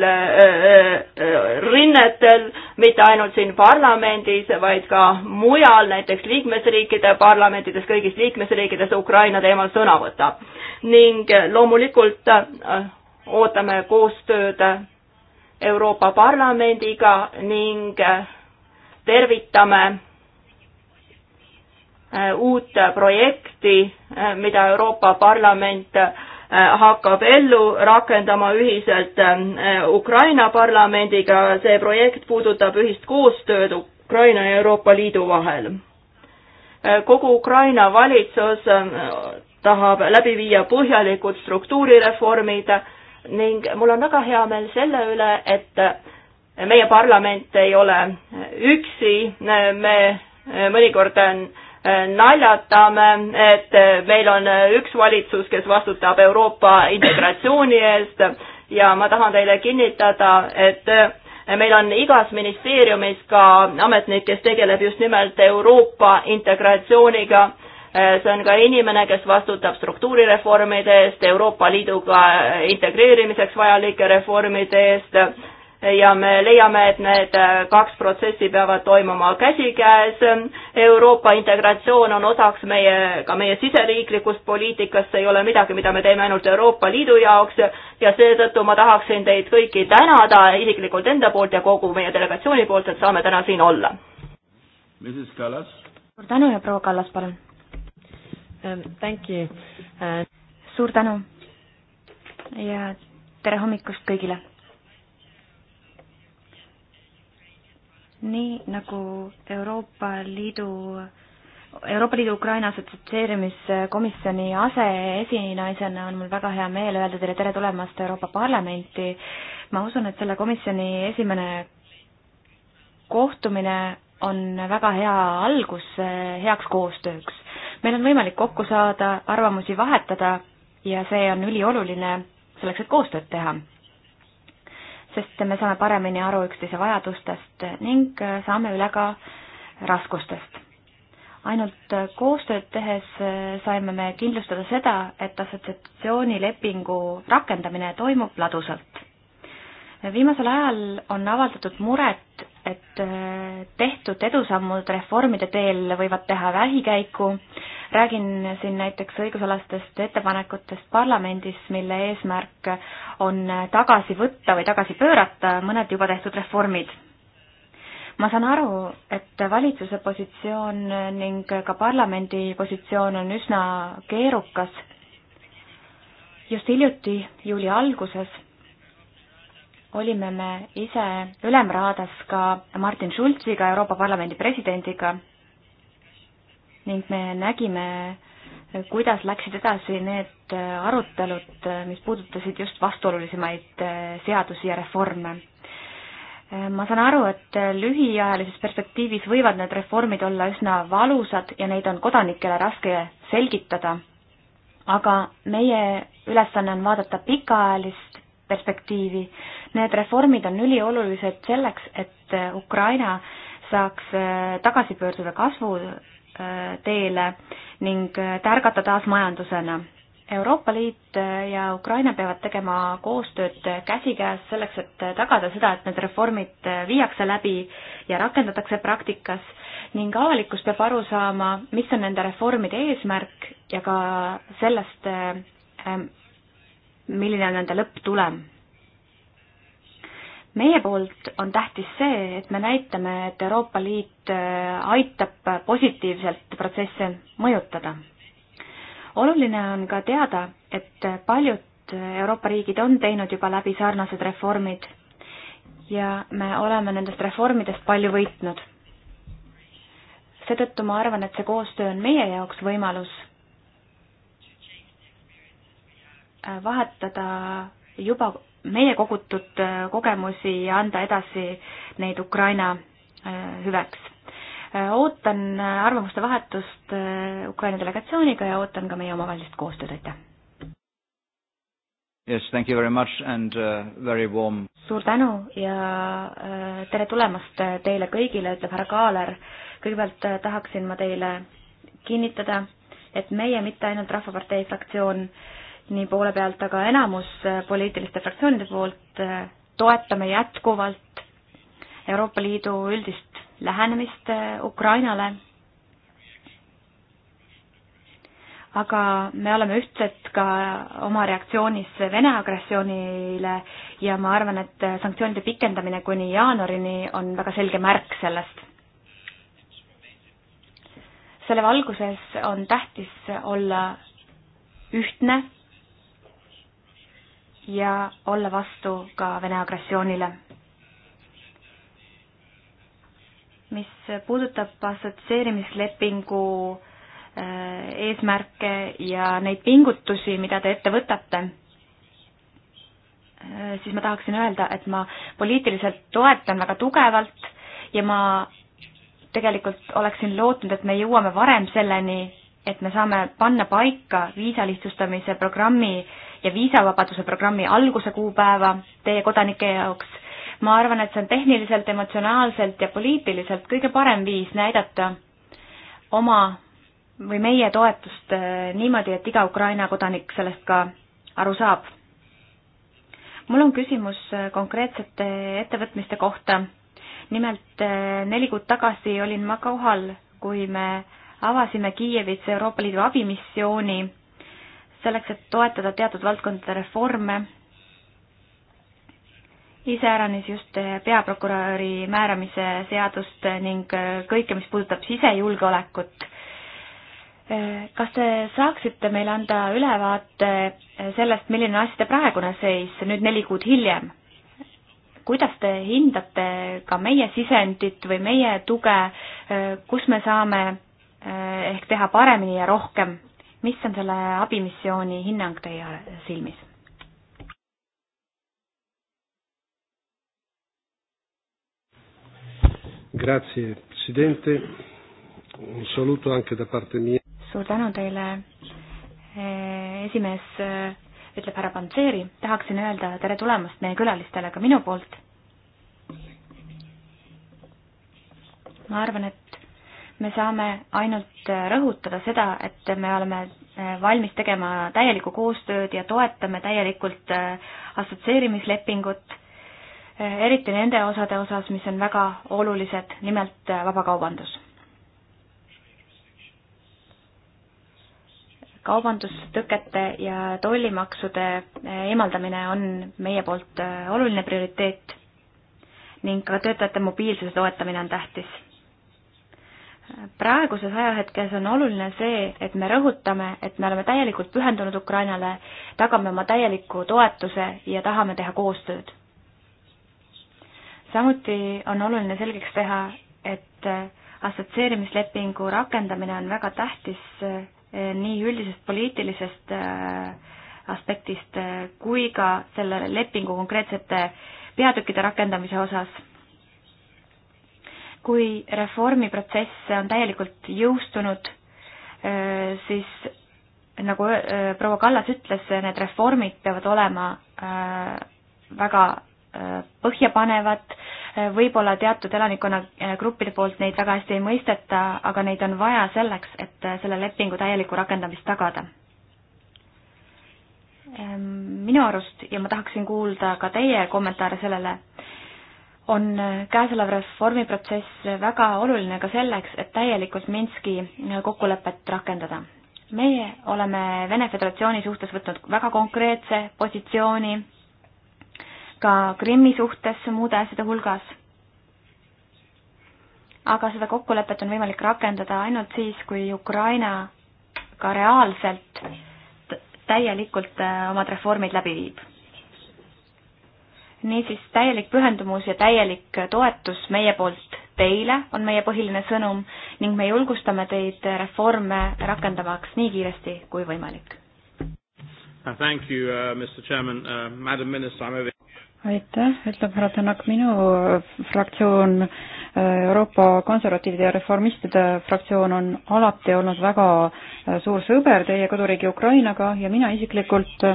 rinnetel, mitte ainult siin parlamendis, vaid ka mujal, näiteks liikmesriikide parlamentides, kõigis liikmesriikides Ukraina teemal sõna võtab. ning loomulikult ootame koostööd Euroopa Parlamendiga ning tervitame uut projekti, mida Euroopa Parlament Äh, hakkab ellu rakendama ühiselt ähm, äh, Ukraina parlamendiga. see projekt puudutab ühist koostööd Ukraina ja Euroopa Liidu vahel. Äh, kogu Ukraina valitsus ähm, tahab läbi viia põhjalikud struktuurireformid ning mul on väga hea meel selle üle, et meie parlament ei ole üksi, me mõnikord on naljatame, et meil on üks valitsus, kes vastutab Euroopa integratsiooni eest ja ma tahan teile kinnitada, et meil on igas ministeeriumis ka ametnik, kes tegeleb just nimelt Euroopa integratsiooniga. see on ka inimene, kes vastutab struktuurireformide eest, Euroopa Liiduga integreerimiseks vajalike reformide eest ja me leiame, et need äh, kaks protsessi peavad toimuma käsikäes. Euroopa integratsioon on osaks meie, ka meie siseriiklikust poliitikast, see ei ole midagi, mida me teeme ainult Euroopa Liidu jaoks ja seetõttu ma tahaksin teid kõiki tänada isiklikult enda poolt ja kogu meie delegatsiooni poolt, et saame täna siin olla. suur tänu ja proua Kallas, palun um,. Thank you uh.... suur tänu ja tere hommikust kõigile nii nagu Euroopa Liidu Euroopa Liidu Ukraina assotsieerimiskomisjoni aseesinaisena on mul väga hea meel öelda teile tere tulemast Euroopa Parlamenti. ma usun, et selle komisjoni esimene kohtumine on väga hea algus heaks koostööks. meil on võimalik kokku saada, arvamusi vahetada ja see on ülioluline selleks, et koostööd teha sest me saame paremini aru üksteise vajadustest ning äh, saame üle ka raskustest. ainult äh, koostööd tehes äh, saime me kindlustada seda, et assotsiatsioonilepingu rakendamine toimub ladusalt. viimasel ajal on avaldatud muret, et tehtud edusammud reformide teel võivad teha vähikäiku äh, räägin siin näiteks õigusalastest ettepanekutest parlamendis, mille eesmärk on tagasi võtta või tagasi pöörata mõned juba tehtud reformid ma saan aru, et valitsuse positsioon ning ka parlamendi positsioon on üsna keerukas. just hiljuti, juuli alguses, olime me ise Ülemraadas ka Martin Schulziga, Euroopa Parlamendi presidendiga ning me nägime, kuidas läksid edasi need arutelud, mis puudutasid just vastuolulisemaid eh, seadusi ja reforme eh, ma saan aru, et lühiajalises perspektiivis võivad need reformid olla üsna valusad ja neid on kodanikele raske selgitada, aga meie ülesanne on vaadata pikaajalist perspektiivi. Need reformid on üliolulised selleks, et eh, Ukraina saaks tagasi pöörduda kasvu teele ning tärgata taas majandusena. Euroopa Liit ja Ukraina peavad tegema koostööd käsikäes selleks, et tagada seda, et need reformid viiakse läbi ja rakendatakse praktikas ning avalikkus peab aru saama, mis on nende reformide eesmärk ja ka sellest, milline on nende lõpptulem meie poolt on tähtis see, et me näitame, et Euroopa Liit äh, aitab positiivselt protsesse mõjutada. oluline on ka teada, et paljud Euroopa riigid on teinud juba läbi sarnased reformid ja me oleme nendest reformidest palju võitnud. seetõttu ma arvan, et see koostöö on meie jaoks võimalus äh, vahetada juba meie kogutud äh, kogemusi ja anda edasi neid Ukraina äh, hüveks. Äh, ootan arvamuste vahetust Ukraina delegatsiooniga ja ootan ka meie omavahelist koostööd, aitäh! Yes, thank you very much and uh, very warm. suur tänu ja tere tulemast teile kõigile, ütleb härra Kaaler. kõigepealt tahaksin ma teile kinnitada, et meie, mitte ainult Rahvapartei fraktsioon, nii poole pealt, aga enamus äh, poliitiliste fraktsioonide poolt äh, toetame jätkuvalt Euroopa Liidu üldist lähenemist äh, Ukrainale. aga me oleme ühtsed ka oma reaktsioonis Vene agressioonile ja ma arvan, et sanktsioonide pikendamine kuni jaanuarini on väga selge märk sellest. selle valguses on tähtis olla ühtne ja olla vastu ka Vene agressioonile. mis puudutab assotsieerimislepingu äh, eesmärke ja neid pingutusi, mida te ette võtate, äh, siis ma tahaksin öelda, et ma poliitiliselt toetan väga tugevalt ja ma tegelikult oleksin lootnud, et me jõuame varem selleni, et me saame panna paika viisa lihtsustamise programmi äh, ja viisavabaduse programmi alguse kuupäeva teie kodanike jaoks. ma arvan, et see on tehniliselt, emotsionaalselt ja poliitiliselt kõige parem viis näidata oma või meie toetust äh, niimoodi, et iga Ukraina kodanik sellest ka aru saab. mul on küsimus äh, konkreetsete ettevõtmiste kohta. nimelt äh, neli kuud tagasi olin ma kohal, kui me avasime Kiievis Euroopa Liidu abimissiooni selleks, et toetada teatud valdkondade reforme, iseäranis just peaprokuröri määramise seadust ning kõike, mis puudutab sisejulgeolekut. kas te saaksite meile anda ülevaate sellest, milline on asjade praegune seis nüüd neli kuud hiljem? kuidas te hindate ka meie sisendit või meie tuge, kus me saame eh, ehk teha paremini ja rohkem mis on selle abimissiooni hinnang teie silmis? Grazie Presidente, un saluto anche da parte mia. suur tänu teile, eh, esimees eh, ütleb härra Pantseri, tahaksin öelda tere tulemast meie külalistele ka minu poolt. ma arvan, et me saame ainult äh, rõhutada seda, et me oleme äh, valmis tegema täielikku koostööd ja toetame täielikult äh, assotsieerimislepingut, eriti nende osade osas, mis on väga olulised, nimelt vabakaubandus. kaubandustõkete ja tollimaksude eemaldamine on meie poolt oluline prioriteet ning ka töötajate mobiilsuse toetamine on tähtis praeguses ajahetkes on oluline see, et me rõhutame, et me oleme täielikult pühendunud Ukrainale, tagame oma täieliku toetuse ja tahame teha koostööd. samuti on oluline selgeks teha, et assotsieerimislepingu rakendamine on väga tähtis eh, nii üldisest poliitilisest eh, aspektist eh, kui ka selle lepingu konkreetsete peatükkide rakendamise osas kui reformiprotsess on täielikult jõustunud, äh, siis nagu äh, proua Kallas ütles, need reformid peavad olema äh, väga põhjapanevad, võib-olla teatud elanikkonnagruppide poolt neid väga hästi ei mõisteta, aga neid on vaja selleks, et selle lepingu täielikku rakendamist tagada. Ähm, minu arust ja ma tahaksin kuulda ka teie kommentaare sellele, on käesolev reformiprotsess väga oluline ka selleks, et täielikult Minski kokkulepet rakendada. meie oleme Vene Föderatsiooni suhtes võtnud väga konkreetse positsiooni ka Krimmi suhtes muude asjade hulgas. aga seda kokkulepet on võimalik rakendada ainult siis, kui Ukraina ka reaalselt täielikult omad reformid läbi viib niisiis, täielik pühendumus ja täielik toetus meie poolt teile on meie põhiline sõnum ning me julgustame teid reforme rakendamaks nii kiiresti kui võimalik. Uh, uh, uh, aitäh, ütleb härra Tänak, minu fraktsioon Euroopa Konservatiivide ja Reformistide fraktsioon on alati olnud väga suur sõber teie koduriigi Ukrainaga ja mina isiklikult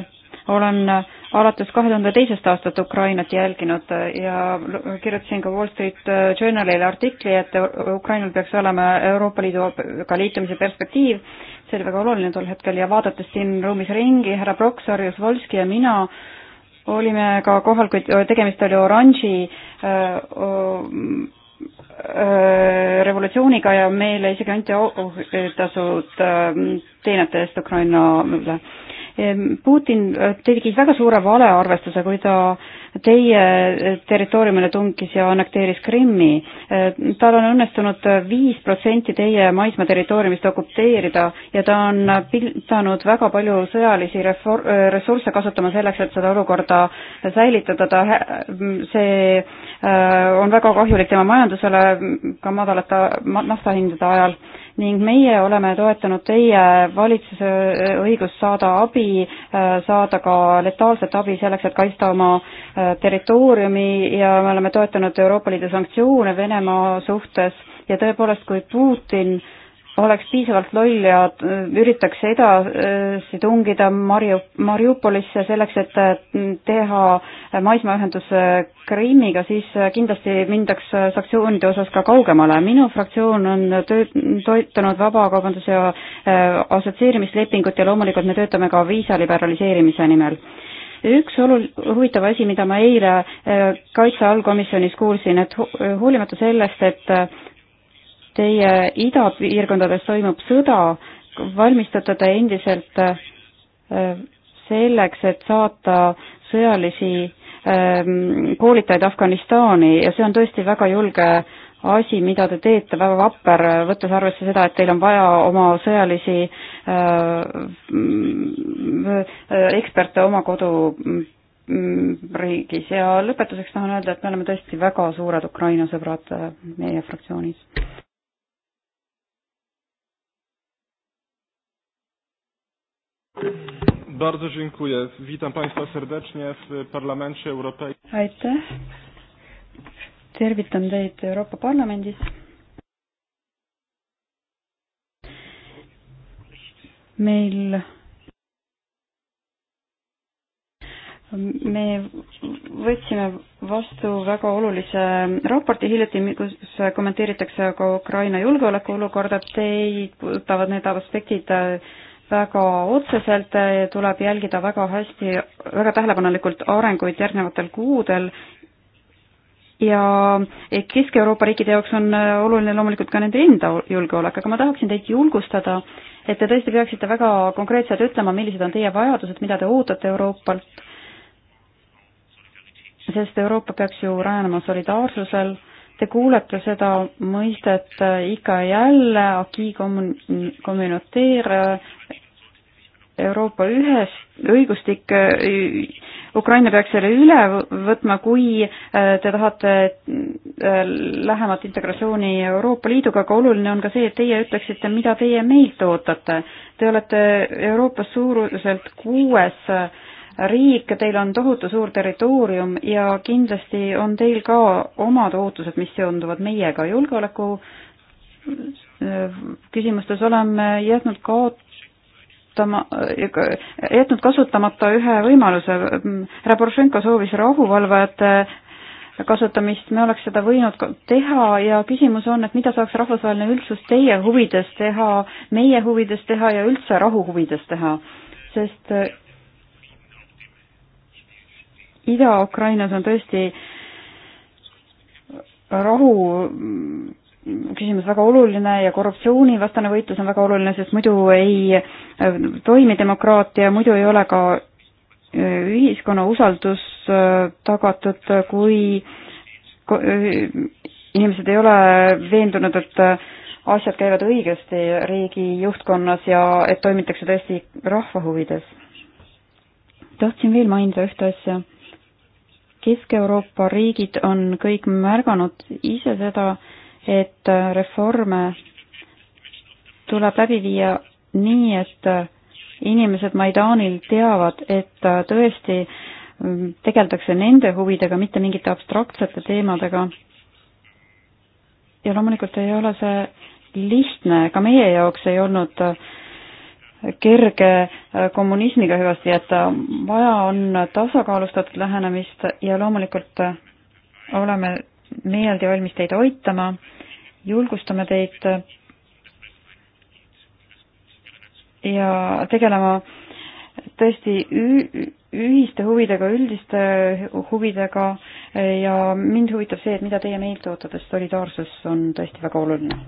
olen äh, alates kahe tuhande teisest aastat Ukrainat jälginud äh, ja kirjutasin ka Wall Street äh, Journalile artikli, et Ukrainal peaks olema Euroopa Liiduga liitumise perspektiiv, see oli väga oluline tol hetkel ja vaadates siin ruumis ringi, härra Prokk, Sarjus Volski ja mina olime ka kohal, kui tegemist oli oranži revolutsiooniga ja meile isegi anti tasud teenete eest Ukrainale Ehm, Putin äh, tegi väga suure valearvestuse, kui ta teie äh, territooriumile tungis ja annekteeris Krimmi. Ehm, tal on õnnestunud viis protsenti teie maismaa territooriumist okupeerida ja ta on pidanud väga palju sõjalisi refor-, äh, ressursse kasutama selleks, et seda olukorda säilitada, ta, see on väga kahjulik tema majandusele ka madalate naftahindade ajal ning meie oleme toetanud teie valitsuse äh, õigust saada abi, äh, saada ka letaalset abi selleks, et kaitsta oma äh, territooriumi ja me oleme toetanud Euroopa Liidu sanktsioone Venemaa suhtes ja tõepoolest, kui Putin äh, oleks piisavalt loll ja äh, üritaks edasi tungida Marju, Mariupolisse selleks, et äh, teha maismaaühendus Krimmiga, siis äh, kindlasti mindaks sanktsioonide osas ka kaugemale. minu fraktsioon on töö, toetanud vabakaubandus- ja assotsieerimislepingut ja loomulikult me töötame ka viisa liberaliseerimise nimel üks olul-, huvitav asi, mida ma eile kaitse allkomisjonis kuulsin, et hoolimata sellest, et teie idapiirkondades toimub sõda, valmistate te endiselt äh, selleks, et saata sõjalisi ähm, koolitajaid Afganistani ja see on tõesti väga julge asi, mida te teete, väga vapper, võttes arvesse seda, et teil on vaja oma sõjalisi äh, äh eksperte oma koduriigis mm, mm, ja lõpetuseks tahan öelda, et me oleme tõesti väga suured Ukraina sõbrad äh, meie fraktsioonis. Bardzo dziękuję. Witam Państwa serdecznie w Parlamencie Europejskim. Aitäh. Tervitan teid Euroopa Parlamendis. Meil me võtsime vastu väga olulise raporti hiljuti, kus kommenteeritakse ka Ukraina julgeolekuolukorda, teid puudutavad need aspektid äh, väga otseselt, tuleb jälgida väga hästi, väga tähelepanelikult arenguid järgnevatel kuudel ja Kesk-Euroopa riikide jaoks on äh, oluline loomulikult ka nende enda julgeolek, aga ma tahaksin teid julgustada, et te tõesti peaksite väga konkreetselt ütlema, millised on teie vajadused, mida te ootate Euroopalt, sest Euroopa peaks ju rajanema solidaarsusel, te kuulete seda mõistet äh, ikka ja jälle, acquis communautaire, Euroopa ühes, õigustik, äh, Ukraina peaks selle üle võtma, kui äh, te tahate äh, lähemat integratsiooni Euroopa Liiduga, aga oluline on ka see, et teie ütleksite, mida teie meilt ootate. Te olete Euroopas suuruselt kuues riik, teil on tohutu suur territoorium ja kindlasti on teil ka omad ootused, mis seonduvad meiega julgeoleku küsimustes oleme jätnud kaot-, kasutama, jätnud kasutamata ühe võimaluse. Mm, härra Porošenko soovis rahuvalvajate kasutamist, me oleks seda võinud teha ja küsimus on, et mida saaks rahvusvaheline üldsus teie huvides teha, meie huvides teha ja üldse rahu huvides teha, sest äh, Ida-Ukrainas on tõesti rahu mm, küsimus väga oluline ja korruptsioonivastane võitlus on väga oluline, sest muidu ei äh, toimi demokraatia, muidu ei ole ka äh, ühiskonna usaldus äh, tagatud, kui inimesed ei ole veendunud, et asjad käivad õigesti riigi juhtkonnas ja et toimitakse tõesti rahva huvides. tahtsin veel mainida ühte asja. Kesk-Euroopa riigid on kõik märganud ise seda, et äh, reforme tuleb läbi viia nii, et äh, inimesed Maidanil teavad, et äh, tõesti mm, tegeldakse nende huvidega, mitte mingite abstraktsete teemadega. ja loomulikult ei ole see lihtne, ka meie jaoks ei olnud kerge kommunismiga hüvasti jätta, vaja on tasakaalustatud lähenemist ja loomulikult oleme meeldi valmis teid aitama, julgustame teid ja tegelema tõesti ühiste huvidega, üldiste huvidega ja mind huvitab see, et mida teie meilt ootate, sest solidaarsus on tõesti väga oluline.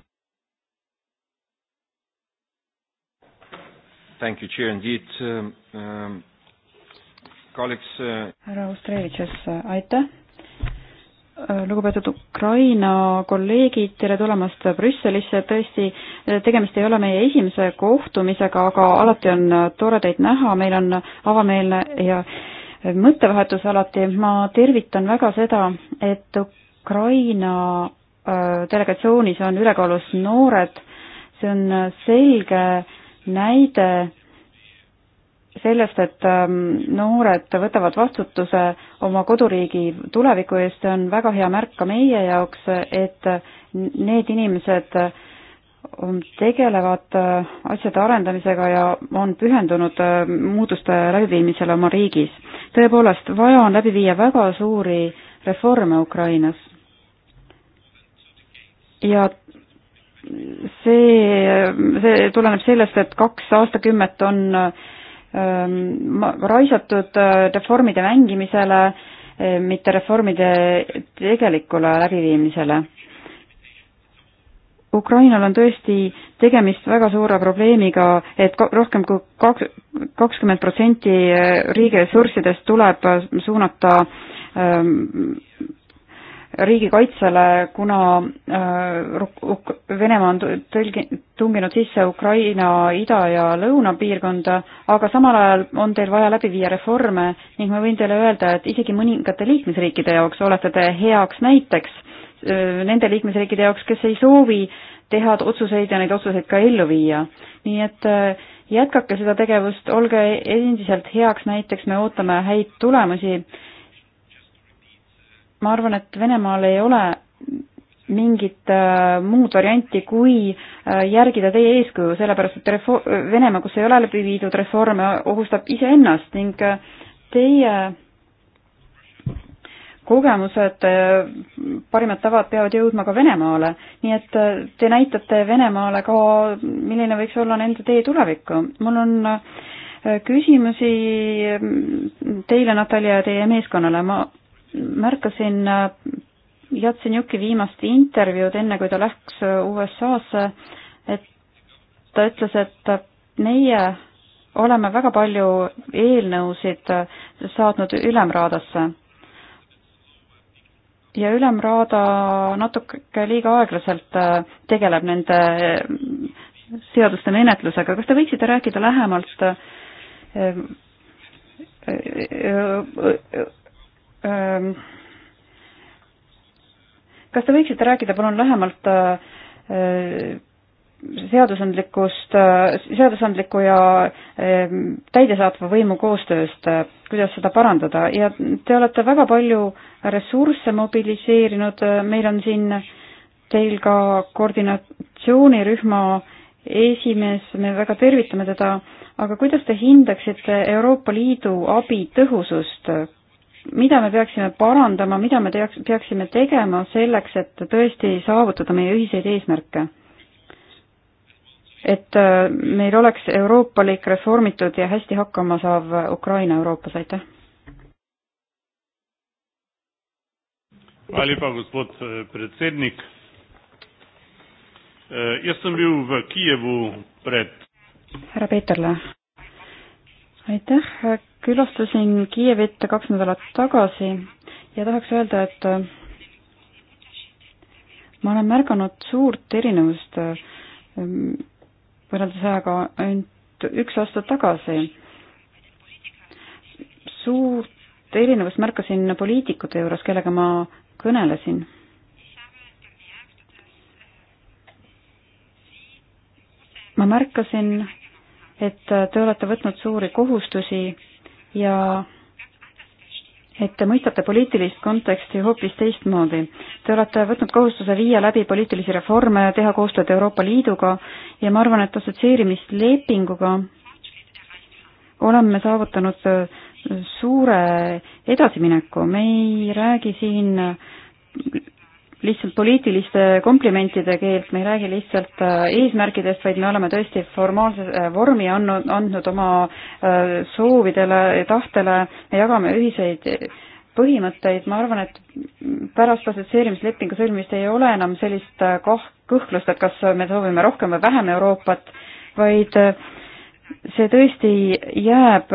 Thank you, Chair, indeed um,. Um, colleagues uh.... härra Ustrevitšus, aitäh Äh, lugupeetud Ukraina kolleegid, tere tulemast Brüsselisse, tõesti, äh, tegemist ei ole meie esimese kohtumisega, aga alati on äh, tore teid näha, meil on avameelne ja mõttevahetus alati, ma tervitan väga seda, et Ukraina delegatsioonis on ülekaalus noored, see on selge näide sellest, et ähm, noored võtavad vastutuse oma koduriigi tuleviku eest, see on väga hea märk ka meie jaoks, et need inimesed ähm, tegelevad äh, asjade arendamisega ja on pühendunud äh, muutuste läbiviimisele oma riigis. tõepoolest, vaja on läbi viia väga suuri reforme Ukrainas. ja see, see tuleneb sellest, et kaks aastakümmet on äh, raisatud reformide mängimisele, mitte reformide tegelikule läbiviimisele. Ukrainal on tõesti tegemist väga suure probleemiga et, et rohkem kui kaks, kakskümmend protsenti riigi ressurssidest tuleb suunata riigikaitsele, kuna äh, Venemaa on tõlgi-, tunginud sisse Ukraina ida- ja lõunapiirkonda, aga samal ajal on teil vaja läbi viia reforme ning ma võin teile öelda, et isegi mõningate liikmesriikide jaoks olete te heaks näiteks, äh, nende liikmesriikide jaoks, kes ei soovi teha otsuseid ja neid otsuseid ka ellu viia. nii et äh, jätkake seda tegevust, olge endiselt heaks näiteks, me ootame häid tulemusi ma arvan, et Venemaal ei ole mingit äh, muud varianti, kui äh, järgida teie eeskuju, sellepärast et refo-, Venemaa, kus ei ole läbi viidud reforme, ohustab iseennast ning äh, teie kogemused äh,, parimad tavad peavad jõudma ka Venemaale, nii et äh, te näitate Venemaale ka, milline võiks olla nende tee tulevikku. mul on äh, küsimusi mm, teile, Natalja, ja teie meeskonnale, ma märkasin äh, Jatsenjuki viimast intervjuud, enne kui ta läks äh, USA-sse, et ta ütles, et äh, meie oleme väga palju eelnõusid saatnud ülemraadasse. ja ülemraada natuke liiga aeglaselt tegeleb nende seaduste menetlusega, kas te võiksite rääkida lähemalt kas te võiksite rääkida palun lähemalt seadusandlikust, seadusandliku ja täidesaatva võimu koostööst, kuidas seda parandada ja te olete väga palju ressursse mobiliseerinud, meil on siin teil ka koordinatsioonirühma esimees, me väga tervitame teda, aga kuidas te hindaksite Euroopa Liidu abi tõhusust mida me peaksime parandama, mida me teaks, peaksime tegema selleks, et tõesti saavutada meie ühiseid eesmärke? et äh, meil oleks euroopalik, reformitud ja hästi hakkama saav Ukraina Euroopas, aitäh! Hvala lepa, gospod eh, predsednik. Eh, jaz sem bil v Kijevu pred. härra Peeterle, aitäh külastasin Kiievit kaks nädalat tagasi ja tahaks öelda, et ma olen märganud suurt erinevust ehm, võrreldes ajaga ainult üks aasta tagasi. suurt erinevust märkasin poliitikute juures, kellega ma kõnelesin ma märkasin, et te olete võtnud suuri kohustusi ja et te mõistate poliitilist konteksti hoopis teistmoodi. Te olete võtnud kohustuse viia läbi poliitilisi reforme, teha koostööd Euroopa Liiduga ja ma arvan, et assotsieerimislepinguga oleme saavutanud äh, suure edasimineku, me ei räägi siin lihtsalt poliitiliste komplimentide keelt, me ei räägi lihtsalt äh, eesmärkidest, vaid me oleme tõesti formaalse äh, vormi andnud, andnud oma äh, soovidele ja tahtele, me jagame ühiseid põhimõtteid, ma arvan, et pärast assotsieerimislepingu sõlmimist ei ole enam sellist kah-, kõhklust, et kas me soovime rohkem või vähem Euroopat, vaid see tõesti jääb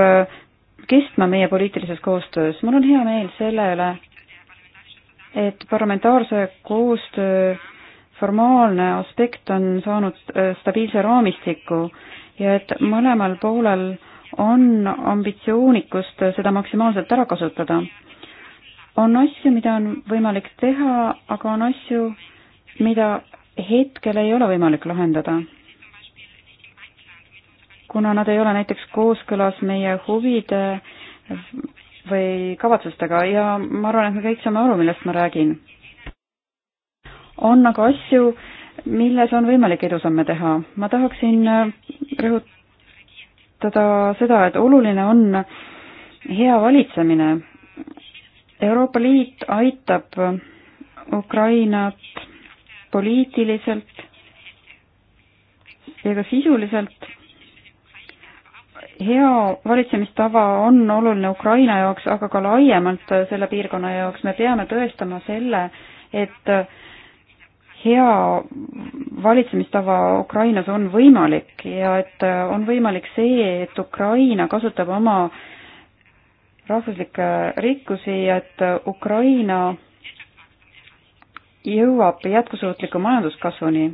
kestma meie poliitilises koostöös. mul on hea meel selle üle, et parlamentaarse koostöö formaalne aspekt on saanud äh, stabiilse raamistiku ja et mõlemal poolel on ambitsioonikust äh, seda maksimaalselt ära kasutada. on asju, mida on võimalik teha, aga on asju, mida hetkel ei ole võimalik lahendada. kuna nad ei ole näiteks kooskõlas meie huvide või kavatsustega ja ma arvan, et me kõik saame aru, millest ma räägin. on aga asju, milles on võimalik edusamme teha. ma tahaksin äh, rõhutada seda, et oluline on hea valitsemine. Euroopa Liit aitab Ukrainat poliitiliselt ja ka sisuliselt hea valitsemistava on oluline Ukraina jaoks, aga ka laiemalt selle piirkonna jaoks. me peame tõestama selle, et hea valitsemistava Ukrainas on võimalik ja et on võimalik see, et Ukraina kasutab oma rahvuslikke rikkusi ja et Ukraina jõuab jätkusuutliku majanduskasvuni.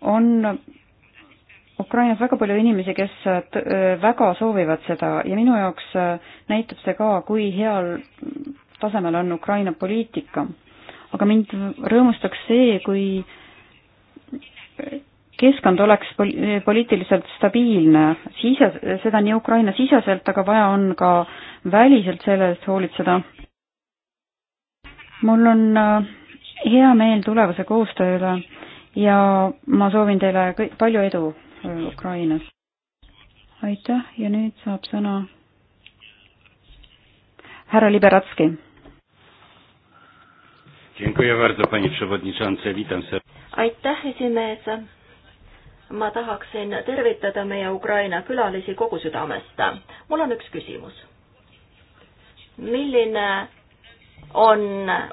on Ukrainas väga palju inimesi, kes väga soovivad seda ja minu jaoks näitab see ka, kui heal tasemel on Ukraina poliitika. aga mind rõõmustaks see, kui keskkond oleks poli-, poliitiliselt stabiilne, sise, seda nii Ukraina siseselt, aga vaja on ka väliselt selle eest hoolitseda. mul on hea meel tulevase koostöö üle ja ma soovin teile kõik, palju edu Ukrainas. aitäh ja nüüd saab sõna härra Liberatski. aitäh, esimees. ma tahaksin tervitada meie Ukraina külalisi kogu südamest. mul on üks küsimus. milline on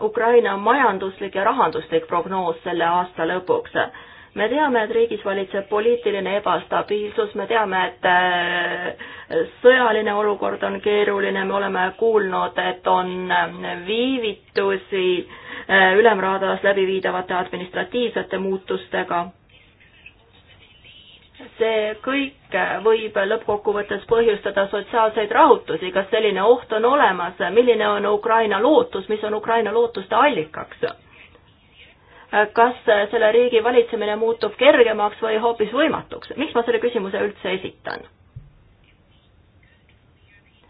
Ukraina majanduslik ja rahanduslik prognoos selle aasta lõpuks? me teame, et riigis valitseb poliitiline ebastabiilsus, me teame, et äh, sõjaline olukord on keeruline, me oleme kuulnud, et on äh, viivitusi äh, ülemraadas läbiviidavate administratiivsete muutustega. see kõik võib lõppkokkuvõttes põhjustada sotsiaalseid rahutusi, kas selline oht on olemas, milline on Ukraina lootus, mis on Ukraina lootuste allikaks? kas selle riigi valitsemine muutub kergemaks või hoopis võimatuks. miks ma selle küsimuse üldse esitan?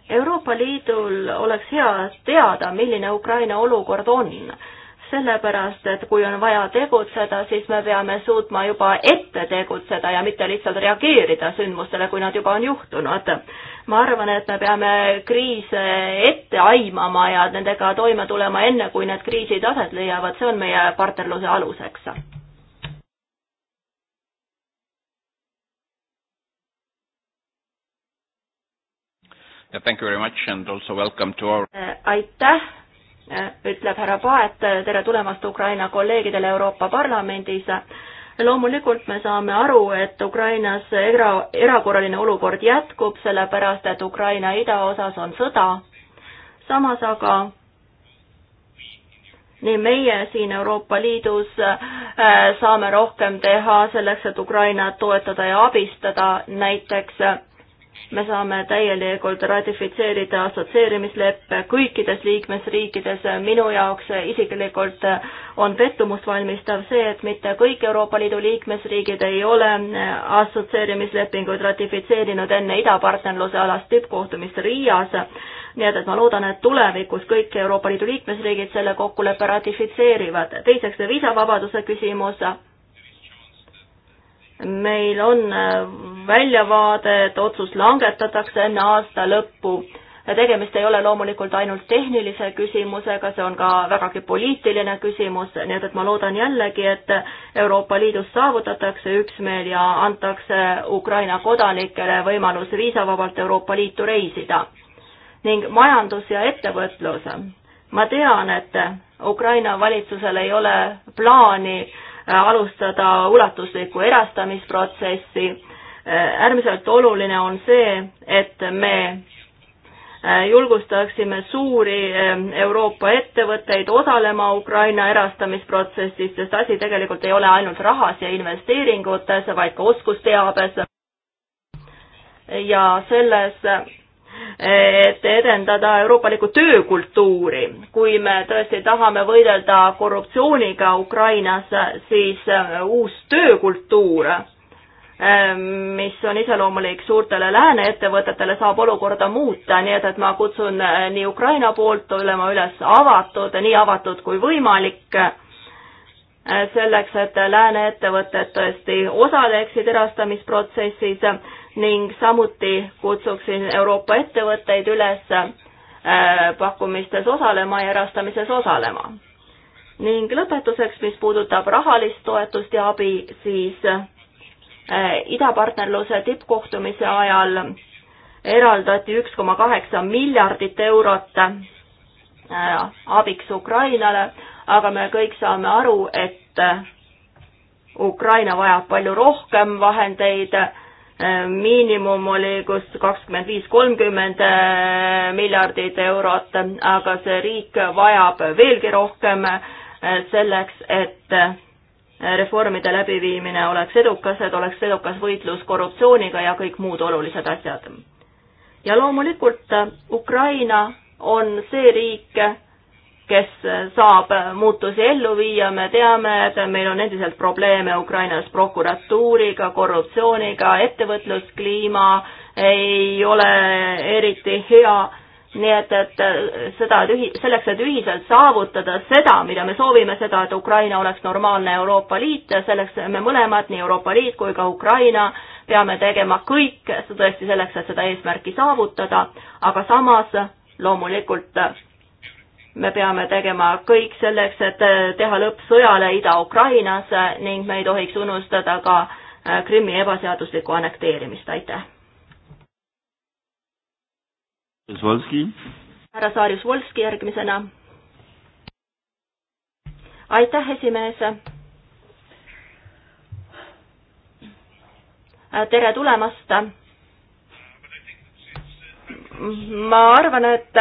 Euroopa Liidul oleks hea teada, milline Ukraina olukord on, sellepärast et kui on vaja tegutseda, siis me peame suutma juba ette tegutseda ja mitte lihtsalt reageerida sündmustele, kui nad juba on juhtunud ma arvan, et me peame kriise ette aimama ja nendega toime tulema enne, kui need kriisid aset leiavad, see on meie partnerluse aluseks. Yeah, thank you very much and also welcome to our eh, aitäh, eh, ütleb härra Paet, tere tulemast Ukraina kolleegidele Euroopa Parlamendis loomulikult me saame aru, et Ukrainas era, erakorraline olukord jätkub, sellepärast et Ukraina idaosas on sõda. samas aga nii meie siin Euroopa Liidus äh, saame rohkem teha selleks, et Ukrainat toetada ja abistada, näiteks me saame täielikult ratifitseerida assotsieerimisleppe kõikides liikmesriikides. minu jaoks isiklikult on pettumust valmistav see, et mitte kõik Euroopa Liidu liikmesriigid ei ole assotsieerimislepinguid ratifitseerinud enne idapartnerluse alast tippkohtumist Riias. nii et, et ma loodan, et tulevikus kõik Euroopa Liidu liikmesriigid selle kokkuleppe ratifitseerivad. teiseks, viisavabaduse küsimus meil on äh, väljavaade, et otsus langetatakse enne aasta lõppu. tegemist ei ole loomulikult ainult tehnilise küsimusega, see on ka vägagi poliitiline küsimus, nii et, et ma loodan jällegi, et Euroopa Liidus saavutatakse üksmeel ja antakse Ukraina kodanikele võimalus viisavabalt Euroopa Liitu reisida. ning majandus ja ettevõtlus. ma tean, et Ukraina valitsusel ei ole plaani äh, Äh, alustada ulatuslikku erastamisprotsessi. Äh, äärmiselt oluline on see, et me äh, julgustaksime suuri Euroopa ettevõtteid osalema Ukraina erastamisprotsessis, sest asi tegelikult ei ole ainult rahas ja investeeringutes, vaid ka oskusteabes. ja selles et edendada euroopalikku töökultuuri. kui me tõesti tahame võidelda korruptsiooniga Ukrainas, siis äh, uus töökultuur, äh, mis on iseloomulik suurtele lääne ettevõtetele, saab olukorda muuta, nii et, et ma kutsun äh, nii Ukraina poolt olema üles avatud, nii avatud kui võimalik selleks, et lääne ettevõtted tõesti osaleksid erastamisprotsessis ning samuti kutsuksin Euroopa ettevõtteid üles äh, pakkumistes osalema ja erastamises osalema. ning lõpetuseks, mis puudutab rahalist toetust ja abi, siis äh, idapartnerluse tippkohtumise ajal eraldati üks koma kaheksa miljardit eurot äh, abiks Ukrainale, aga me kõik saame aru, et Ukraina vajab palju rohkem vahendeid miinimum oli kus kakskümmend viis, kolmkümmend äh, miljardit eurot, aga see riik vajab veelgi rohkem äh, selleks, et äh, reformide läbiviimine oleks edukas, et oleks edukas võitlus korruptsiooniga ja kõik muud olulised asjad. ja loomulikult Ukraina on see riik, kes saab muutusi ellu viia, me teame, et meil on endiselt probleeme Ukrainas prokuratuuriga, korruptsiooniga, ettevõtluskliima ei ole eriti hea, nii et, et seda, et ühi-, selleks, et ühiselt saavutada seda, mida me soovime, seda, et Ukraina oleks normaalne Euroopa Liit, selleks me mõlemad, nii Euroopa Liit kui ka Ukraina, peame tegema kõik, tõesti selleks, et seda eesmärki saavutada, aga samas loomulikult me peame tegema kõik selleks, et äh, teha lõpp sõjale Ida-Ukrainas äh, ning me ei tohiks unustada ka äh, Krimmi ebaseaduslikku annekteerimist, aitäh. härra Saarjus-Volski järgmisena. aitäh, esimees. tere tulemast. ma arvan, et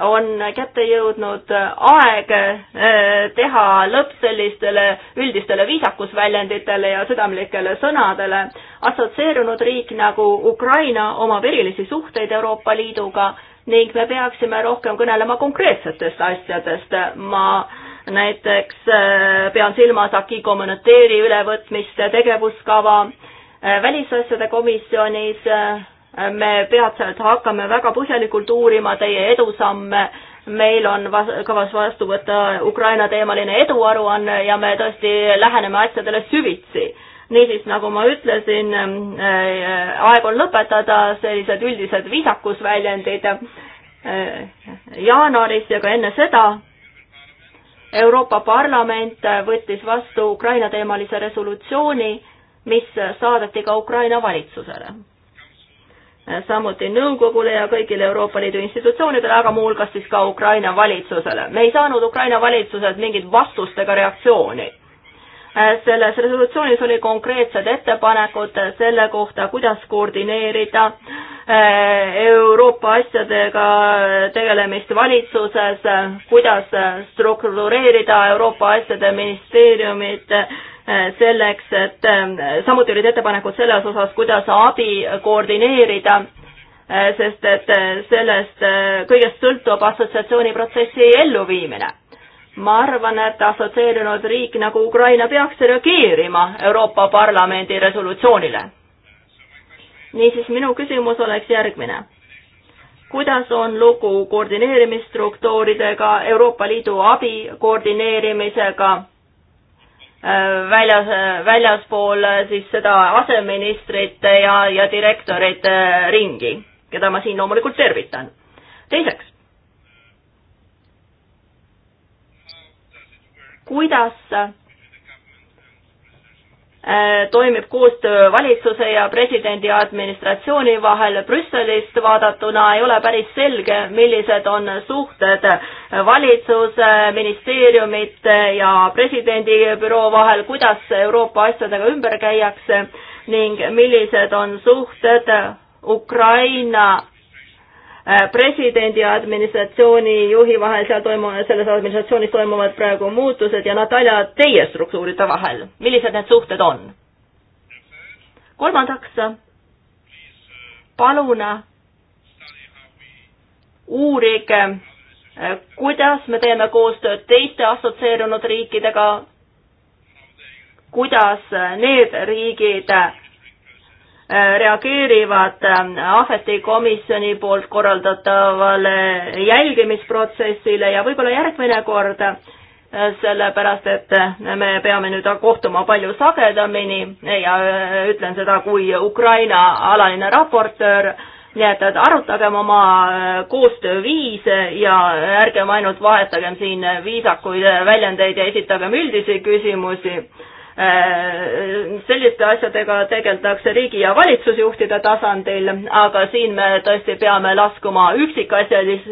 on kätte jõudnud aeg eh, teha lõpp sellistele üldistele viisakusväljenditele ja südamlikele sõnadele. assotsieerunud riik nagu Ukraina omab erilisi suhteid Euroopa Liiduga ning me peaksime rohkem kõnelema konkreetsetest asjadest. ma näiteks eh, pean silmas Aki kommenteeri ülevõtmist tegevuskava eh, välisasjade komisjonis me peatselt hakkame väga põhjalikult uurima teie edusamme, meil on vas kavas vastu võtta Ukraina teemaline eduaruanne ja me tõesti läheneme asjadele süvitsi. niisiis, nagu ma ütlesin, eh, aeg on lõpetada sellised üldised viisakusväljendid eh, jaanuaris ja ka enne seda Euroopa Parlament võttis vastu Ukraina teemalise resolutsiooni, mis saadeti ka Ukraina valitsusele Äh, samuti nõukogule ja kõigile Euroopa Liidu institutsioonidele, aga muuhulgas siis ka Ukraina valitsusele. me ei saanud Ukraina valitsuselt mingit vastust ega reaktsiooni. Äh, selles resolutsioonis oli konkreetsed ettepanekud selle kohta, kuidas koordineerida äh, Euroopa asjadega tegelemist valitsuses, kuidas struktureerida Euroopa asjade ministeeriumit Äh, selleks, et ähm, samuti olid ettepanekud selles osas, kuidas abi koordineerida, äh, sest et äh, sellest kõigest sõltub assotsiatsiooni protsessi elluviimine. ma arvan, et assotsieerunud riik nagu Ukraina peaks reageerima Euroopa Parlamendi resolutsioonile. niisiis, minu küsimus oleks järgmine kuidas on lugu koordineerimisstruktuuridega, Euroopa Liidu abi koordineerimisega väljas, väljaspool siis seda aseministrite ja, ja direktorite ringi, keda ma siin loomulikult tervitan. teiseks, kuidas Äh, toimib koostöö valitsuse ja presidendi administratsiooni vahel. Brüsselist vaadatuna ei ole päris selge, millised on suhted valitsuse, ministeeriumite ja presidendi büroo vahel, kuidas Euroopa asjadega ümber käiakse ning millised on suhted Ukraina Äh, presidendi ja administratsiooni juhi vahel, seal toimuvad, selles administratsioonis toimuvad praegu muutused ja Natalja, teie struktuuride vahel, millised need suhted on? kolmandaks, palun uurige, äh, kuidas me teeme koostööd teiste assotsieerunud riikidega, kuidas need riigid äh, reageerivad ähm, Ahveti komisjoni poolt korraldatavale jälgimisprotsessile ja võib-olla järgmine kord, äh, sellepärast et äh, me peame nüüd kohtuma palju sagedamini ja äh, ütlen seda kui Ukraina alaline raportöör, nii et, et arutagem oma koostööviise ja ärgem ainult vahetagem siin viisakuid väljendeid ja esitagem üldisi küsimusi Äh, selliste asjadega tegeldakse riigi ja valitsusjuhtide tasandil, aga siin me tõesti peame laskuma üksikasjalis-,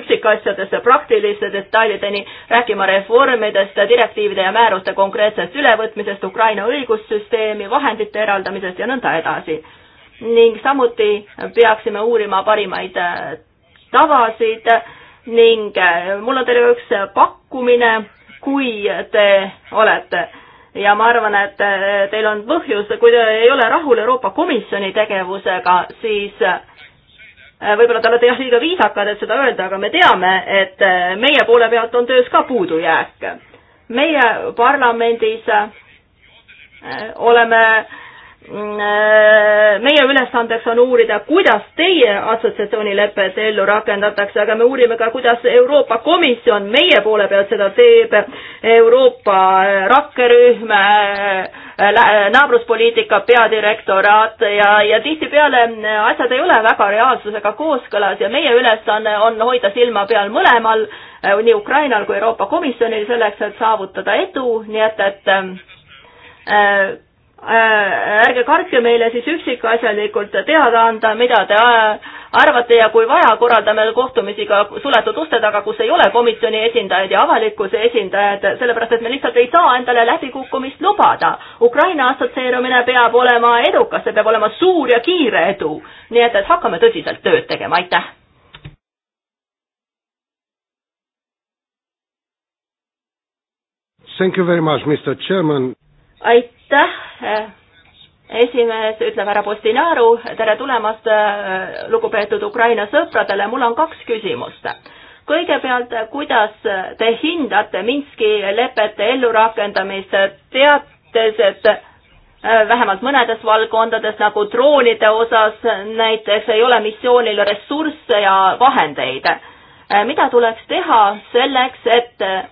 üksikasjadesse, praktiliste detailideni, rääkima reformidest, direktiivide ja määruste konkreetsest ülevõtmisest, Ukraina õigussüsteemi, vahendite eraldamisest ja nõnda edasi. ning samuti peaksime uurima parimaid äh, tavasid ning äh, mul on teile üks pakkumine, kui te olete ja ma arvan, et eh, teil on põhjus, kui te ei ole rahul Euroopa Komisjoni tegevusega, siis eh, võib-olla te olete jah liiga viisakad, et seda öelda, aga me teame, et eh, meie poole pealt on töös ka puudujääk. meie parlamendis oleme äh, Mm, äh, meie ülesandeks on uurida, kuidas teie assotsiatsioonilepet ellu rakendatakse, aga me uurime ka, kuidas Euroopa Komisjon meie poole pealt seda teeb, Euroopa äh, rakkerühm, äh, naabruspoliitika peadirektoraat ja, ja tihtipeale asjad ei ole väga reaalsusega kooskõlas ja meie ülesanne on hoida silma peal mõlemal, nii Ukrainal kui Euroopa Komisjonil, selleks et saavutada edu, nii et, et Äh, ärge kartke meile siis üksikasjalikult teada anda, mida te äh, arvate ja kui vaja, korraldame kohtumisi ka suletud uste taga, kus ei ole komisjoni esindajaid ja avalikkuse esindajad, sellepärast et me lihtsalt ei saa endale läbikukkumist lubada. Ukraina assotsieerumine peab olema edukas, see peab olema suur ja kiire edu. nii et, et hakkame tõsiselt tööd tegema, aitäh! Thank you very much, Mr Chairman. aitäh! aitäh eh, esimees ütleb härra Postinaru, tere tulemast eh, lugupeetud Ukraina sõpradele, mul on kaks küsimust. kõigepealt, kuidas te hindate Minski lepete ellurakendamist, teates, et eh, vähemalt mõnedes valdkondades nagu droonide osas näiteks ei ole missioonil ressursse ja vahendeid. mida tuleks teha selleks, et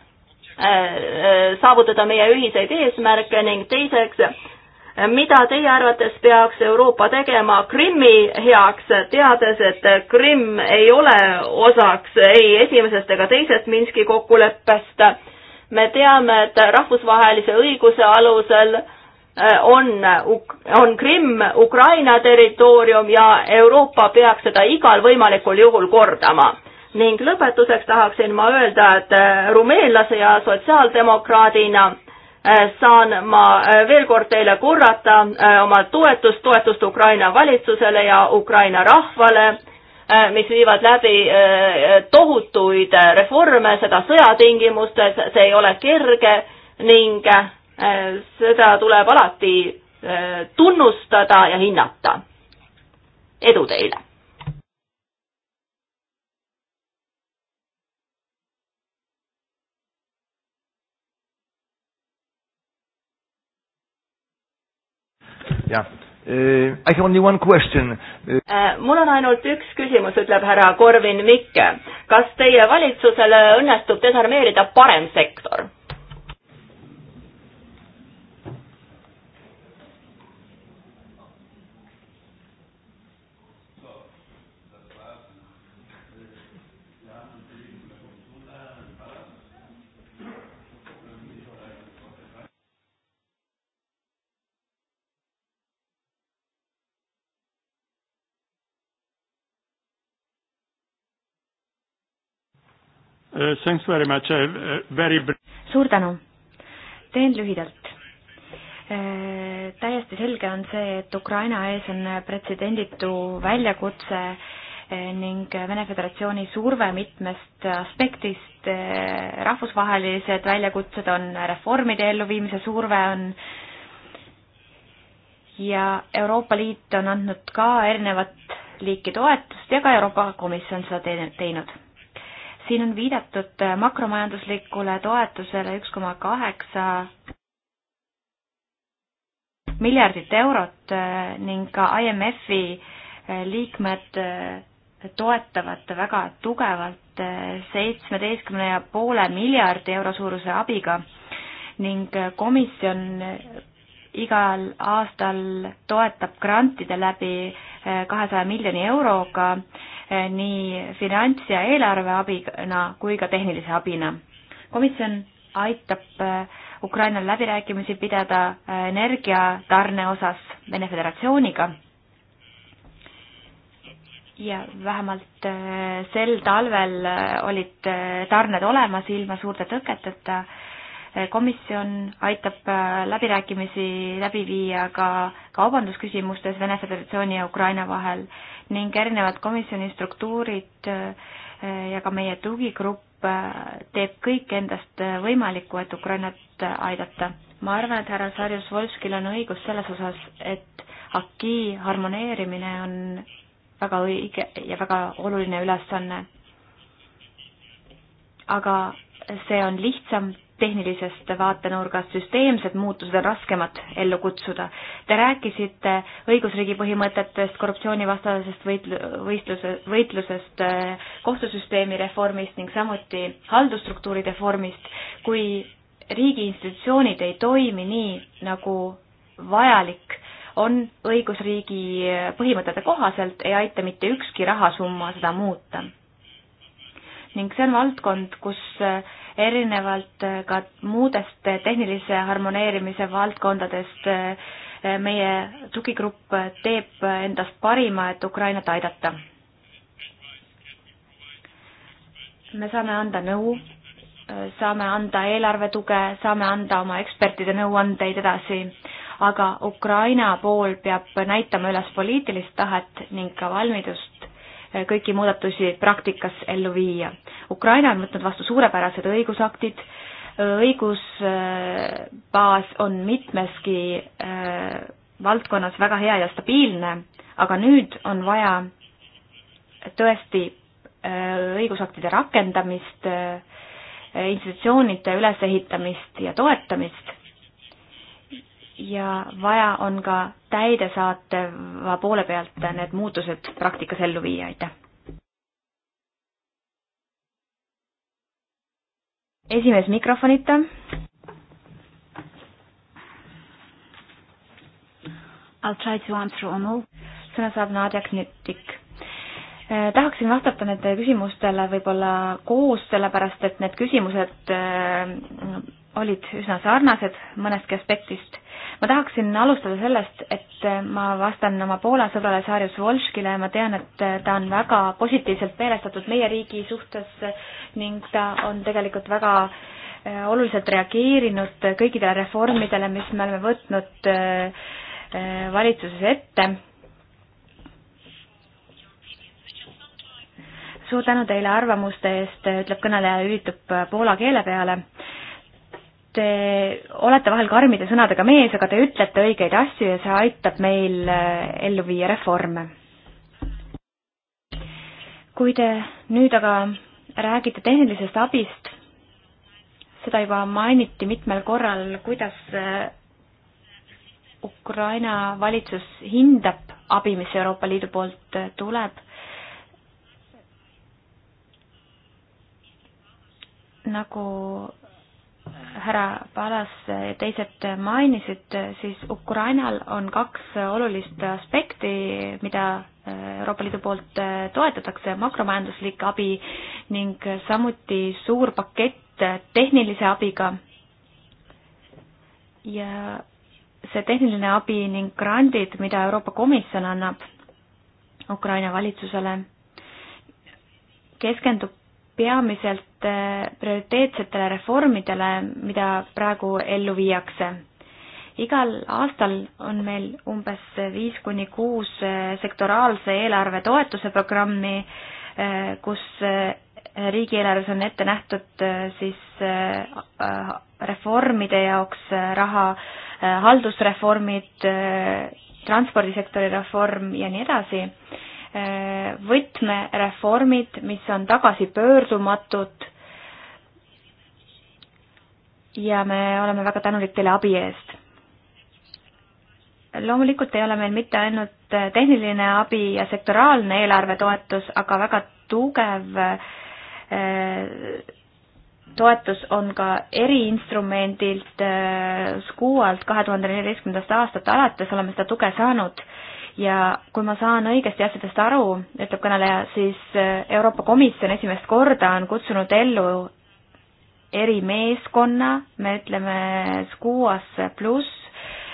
Äh, äh, saavutada meie ühiseid eesmärke ning teiseks, äh, mida teie arvates peaks Euroopa tegema Krimmi heaks, teades, et Krimm ei ole osaks ei esimesest ega teisest Minski kokkuleppest. me teame, et rahvusvahelise õiguse alusel on, on Krimm Ukraina territoorium ja Euroopa peaks seda igal võimalikul juhul kordama ning lõpetuseks tahaksin ma öelda, et äh, rumeenlase ja sotsiaaldemokraadina äh, saan ma äh, veel kord teile korrata oma toetust, toetust Ukraina valitsusele ja Ukraina rahvale, mis viivad läbi tohutuid reforme, seda sõjatingimustes, see ei ole kerge ning seda tuleb alati tunnustada ja hinnata. edu teile! jah. Eh, I have only one question. Eh, mul on ainult üks küsimus, ütleb härra Korvin Mikke. kas teie valitsusele õnnestub desarmeerida parem sektor? Uh, thanks very much. Uh, very suur tänu. teen lühidalt. Uh, täiesti selge on see, et Ukraina ees on pretsedenditu väljakutse ning Vene Föderatsiooni surve mitmest aspektist, rahvusvahelised väljakutsed on, reformide elluviimise surve on ja Euroopa Liit on andnud ka erinevat liiki toetust ja ka Euroopa Komisjon seda teinud siin on viidatud äh, makromajanduslikule toetusele üks koma kaheksa miljardit eurot äh, ning ka IMF-i äh, liikmed toetavad väga tugevalt seitsmeteistkümne ja poole miljardi euro suuruse abiga ning komisjon igal aastal toetab grantide läbi kahesaja miljoni euroga eh, nii finants- ja eelarveabina kui ka tehnilise abina. komisjon aitab eh, Ukrainal läbirääkimisi pidada eh, energiatarne osas Vene Föderatsiooniga ja vähemalt sel talvel olid tarned olemas ilma suurte tõketeta komisjon aitab äh, läbirääkimisi läbi viia ka kaubandusküsimustes Vene Föderatsiooni ja Ukraina vahel ning erinevad komisjoni struktuurid äh, ja ka meie tugigrupp äh, teeb kõik endast võimalikku, et Ukrainat aidata. ma arvan, et härra Sarjus Volskil on õigus selles osas, et AKI harmoneerimine on väga õige ja väga oluline ülesanne. aga see on lihtsam tehnilisest vaatenurgast, süsteemsed muutused on raskemad ellu kutsuda. Te rääkisite õigusriigi põhimõtetest, korruptsioonivastasest võitlu-, võistluse, võitlusest, äh, kohtusüsteemi reformist ning samuti haldusstruktuuri reformist. kui riigi institutsioonid ei toimi nii, nagu vajalik, on õigusriigi põhimõtete kohaselt, ei aita mitte ükski rahasumma seda muuta ning see on valdkond, kus eh, erinevalt eh, ka muudest eh, tehnilise harmoneerimise valdkondadest meie tugigrupp teeb endast parima, et Ukrainat aidata. me saame anda nõu, saame anda eelarve tuge, saame anda oma ekspertide nõuandeid edasi, aga Ukraina pool peab näitama üles poliitilist tahet ning ka valmidust kõiki muudatusi praktikas ellu viia. Ukraina on võtnud vastu suurepärased õigusaktid, õigusbaas äh, on mitmeski äh, valdkonnas väga hea ja stabiilne, aga nüüd on vaja tõesti äh, õigusaktide rakendamist, institutsioonide ülesehitamist ja toetamist ja vaja on ka täidesaateva poole pealt need muutused praktikas ellu viia, aitäh. esimees mikrofonita. I'll try to answer on all. sõna saab Nadja Knitik äh, tahaksin vastata nendele küsimustele võib-olla koos, sellepärast et need küsimused äh, olid üsna sarnased mõnestki aspektist. ma tahaksin alustada sellest, et ma vastan oma Poola sõbrale Saarjus Volškile, ma tean, et ta on väga positiivselt meelestatud meie riigi suhtes ning ta on tegelikult väga äh, oluliselt reageerinud kõikidele reformidele, mis me oleme võtnud äh, äh, valitsuses ette. suur tänu teile arvamuste eest, ütleb kõneleja, üritub poola keele peale Te olete vahel karmide sõnadega mees, aga te ütlete õigeid asju ja see aitab meil äh, ellu viia reforme. kui te nüüd aga räägite tehnilisest abist, seda juba mainiti mitmel korral, kuidas äh, Ukraina valitsus hindab abi, mis Euroopa Liidu poolt äh, tuleb. nagu härra Palas ja teised mainisid, siis Ukrainal on kaks olulist aspekti, mida äh, Euroopa Liidu poolt äh, toetatakse, makromajanduslik abi ning samuti suur pakett äh, tehnilise abiga. ja see tehniline abi ning grandid, mida Euroopa Komisjon annab Ukraina valitsusele, keskendub peamiselt äh, prioriteetsetele reformidele, mida praegu ellu viiakse. igal aastal on meil umbes viis kuni kuus äh, sektoraalse eelarve toetuse programmi, äh, kus riigieelarves on ette nähtud siis reformide jaoks raha, haldusreformid, transpordisektori reform ja nii edasi võtmereformid, mis on tagasipöördumatud. ja me oleme väga tänulik teile abi eest. loomulikult ei ole meil mitte ainult tehniline abi ja sektoraalne eelarvetoetus, aga väga tugev eh, toetus on ka eriinstrumendilt eh, SKUA-lt kahe tuhande neljateistkümnendast aastat alates oleme seda tuge saanud ja kui ma saan õigesti asjadest aru, ütleb kõneleja, siis äh, Euroopa Komisjon esimest korda on kutsunud ellu erimeeskonna, me ütleme kuues pluss,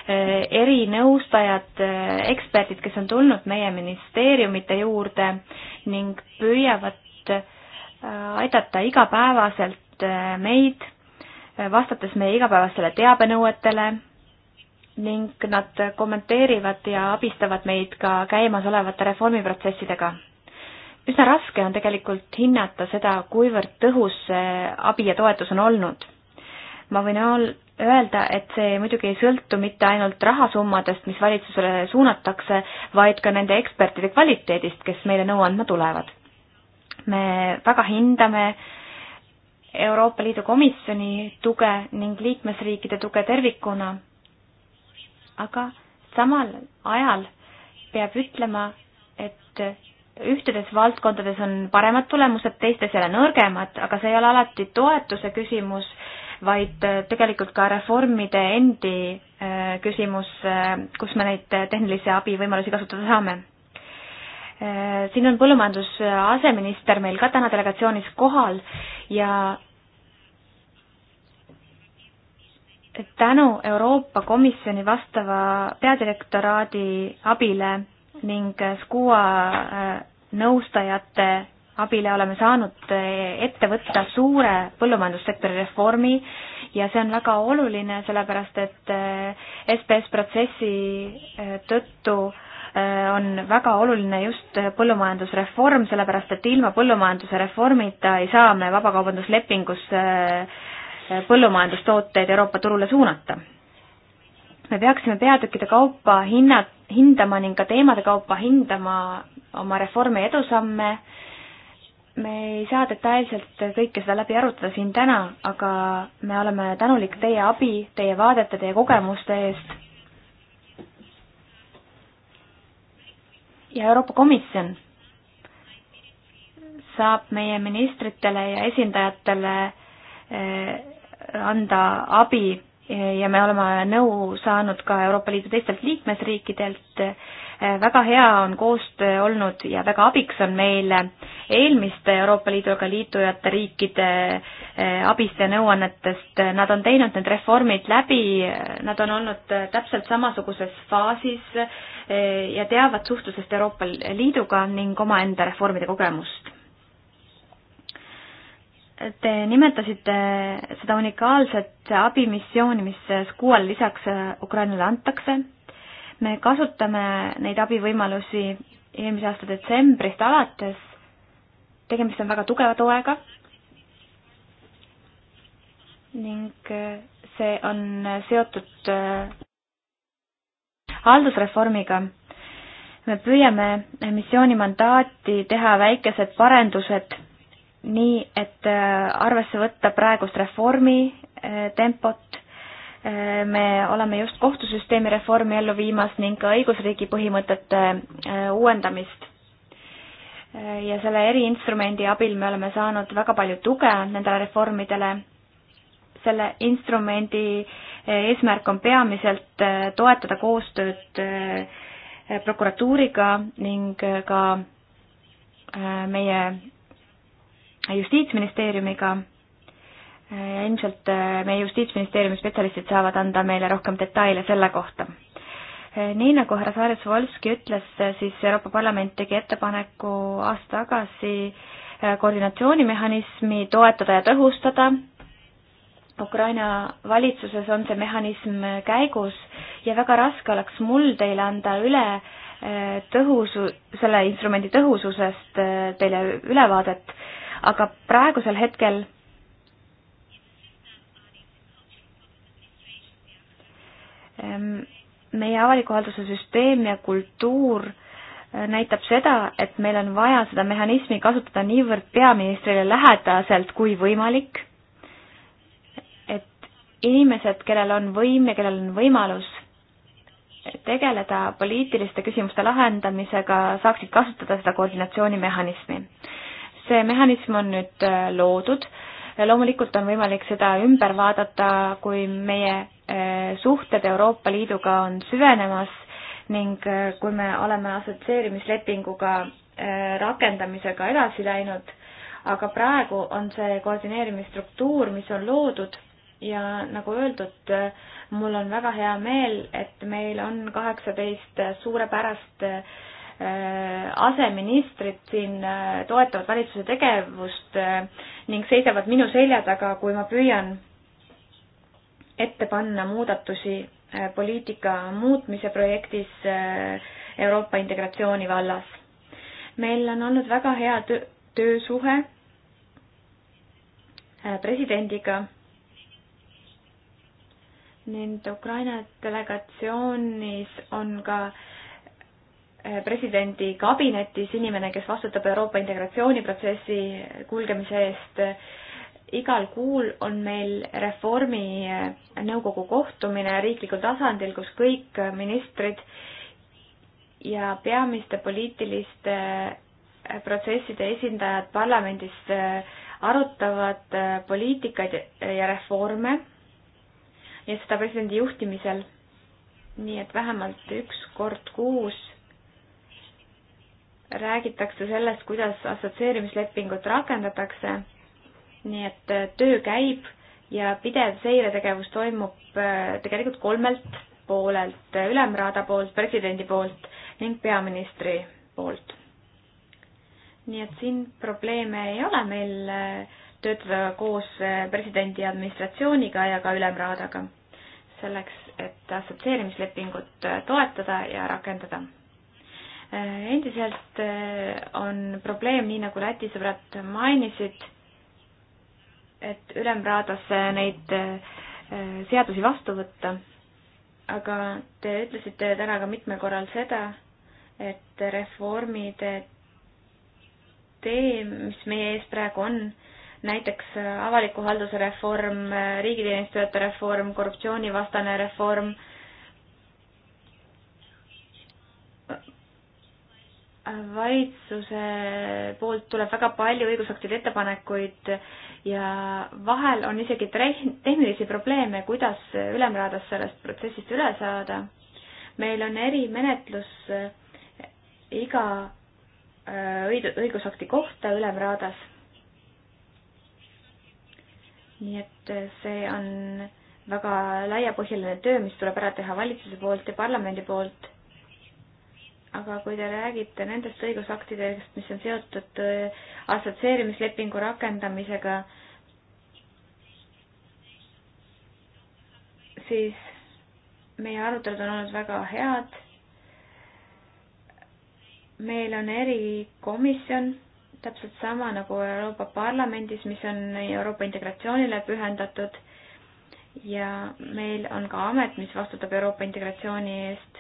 äh, erinõustajad, äh, eksperdid, kes on tulnud meie ministeeriumite juurde ning püüavad aidata igapäevaselt meid, vastates meie igapäevastele teabenõuetele ning nad kommenteerivad ja abistavad meid ka käimasolevate reformiprotsessidega. üsna raske on tegelikult hinnata seda, kuivõrd tõhus see abi ja toetus on olnud. ma võin öelda, et see muidugi ei sõltu mitte ainult rahasummadest, mis valitsusele suunatakse, vaid ka nende ekspertide kvaliteedist, kes meile nõu andma tulevad. me väga hindame Euroopa Liidu Komisjoni tuge ning liikmesriikide tuge tervikuna aga samal ajal peab ütlema, et ühtedes valdkondades on paremad tulemused, teistes jälle nõrgemad, aga see ei ole alati toetuse küsimus, vaid tegelikult ka reformide endi äh, küsimus, äh, kus me neid tehnilise abi võimalusi kasutada saame. Äh, siin on põllumajanduse aseminister meil ka täna delegatsioonis kohal ja tänu Euroopa Komisjoni vastava peadirektoraadi abile ning SKUA äh, nõustajate abile oleme saanud äh, ette võtta suure põllumajandussektori reformi ja see on väga oluline, sellepärast et SPS äh, protsessi tõttu on väga oluline just põllumajandusreform, sellepärast et ilma põllumajanduse reformita ei saa me vabakaubanduslepingus põllumajandustooteid Euroopa turule suunata. me peaksime peatükkide kaupa hinnad, hindama ning ka teemade kaupa hindama oma reformi edusamme, me ei saa detailselt kõike seda läbi arutada siin täna, aga me oleme tänulik teie abi, teie vaadete, teie kogemuste eest. ja Euroopa Komisjon saab meie ministritele ja esindajatele eh, anda abi ja me oleme nõu saanud ka Euroopa Liidu teistelt liikmesriikidelt. väga hea on koostöö olnud ja väga abiks on meile eelmiste Euroopa Liiduga liitujate riikide eh, abist ja nõuannetest. Nad on teinud need reformid läbi, nad on olnud täpselt samasuguses faasis eh, ja teavad suhtlusest Euroopa Liiduga ning omaenda reformide kogemust Te nimetasite seda unikaalset abimissiooni, mis SKUA-l lisaks Ukrainale antakse. me kasutame neid abivõimalusi eelmise aasta detsembrist alates. tegemist on väga tugeva toega. ning see on seotud äh, haldusreformiga me püüame missiooni mandaati teha väikesed parendused nii et äh, arvesse võtta praegust reformi äh, tempot, äh, me oleme just kohtusüsteemi reformi ellu viimas ning ka õigusriigi põhimõtete uuendamist. ja selle eriinstrumendi abil me oleme saanud väga palju tuge nendele reformidele. selle instrumendi eesmärk on peamiselt toetada koostööd prokuratuuriga ning ka meie justiitsministeeriumiga ja äh, ilmselt äh, meie Justiitsministeeriumi spetsialistid saavad anda meile rohkem detaile selle kohta. Äh, nii, nagu härra Saarjus-Volski ütles, siis Euroopa Parlament tegi ettepaneku aasta tagasi koordinatsioonimehhanismi toetada ja tõhustada. Ukraina valitsuses on see mehhanism käigus ja väga raske oleks mul teile anda üle tõhusu, selle instrumendi tõhususest teile ülevaadet aga praegusel hetkel ehm, meie avaliku halduse süsteem ja kultuur äh, näitab seda, et meil on vaja seda mehhanismi kasutada niivõrd peaministrile lähedaselt kui võimalik, et inimesed, kellel on võim ja kellel on võimalus tegeleda poliitiliste küsimuste lahendamisega, saaksid kasutada seda koordinatsioonimehhanismi see mehhanism on nüüd äh, loodud, loomulikult on võimalik seda ümber vaadata, kui meie äh, suhted Euroopa Liiduga on süvenemas ning äh, kui me oleme assotsieerimislepinguga rakendamisega edasi läinud, aga praegu on see koordineerimisstruktuur, mis on loodud ja nagu öeldud, mul on väga hea meel, et meil on kaheksateist suurepärast Äh, aseministrid siin äh, toetavad valitsuse tegevust äh, ning seisavad minu selja taga, kui ma püüan ette panna muudatusi poliitika muutmise projektis Euroopa integratsiooni vallas. meil on olnud väga hea töö, töösuhe presidendiga ning Ukraina delegatsioonis on ka äh, Eh, presidendi kabinetis inimene, kes vastutab Euroopa integratsiooniprotsessi kulgemise eest. igal kuul on meil reformi eh, nõukogu kohtumine riiklikul tasandil, kus kõik ministrid ja peamiste poliitiliste eh, protsesside esindajad parlamendis arutavad poliitikaid ja reforme ja seda presidendi juhtimisel. nii et vähemalt üks kord kuus räägitakse sellest, kuidas assotsieerimislepingut rakendatakse, nii et äh, töö käib ja pidev seiretegevus toimub äh, tegelikult kolmelt poolelt, äh, Ülemraada poolt, presidendi poolt ning peaministri poolt. nii et siin probleeme ei ole meil töötada koos presidendi administratsiooniga ja ka Ülemraadaga, selleks et assotsieerimislepingut toetada ja rakendada Äh, endiselt äh, on probleem, nii nagu Läti sõbrad mainisid, et ülemraadas neid äh, seadusi vastu võtta. aga te ütlesite täna ka mitmel korral seda, et reformide tee, mis meie ees praegu on, näiteks avaliku halduse reform, riigiteenistujate reform, korruptsioonivastane reform, valitsuse poolt tuleb väga palju õigusaktide ettepanekuid ja vahel on isegi tehnilisi probleeme, kuidas ülemraadas sellest protsessist üle saada. meil on erimenetlus äh, iga äh, õigusakti kohta ülemraadas. nii et äh, see on väga laiapõhjaline töö, mis tuleb ära teha valitsuse poolt ja parlamendi poolt aga kui te räägite nendest õigusaktidest, mis on seotud äh, assotsieerimislepingu rakendamisega, siis meie arutelud on olnud väga head. meil on erikomisjon, täpselt sama nagu Euroopa Parlamendis, mis on Euroopa integratsioonile pühendatud ja meil on ka amet, mis vastutab Euroopa integratsiooni eest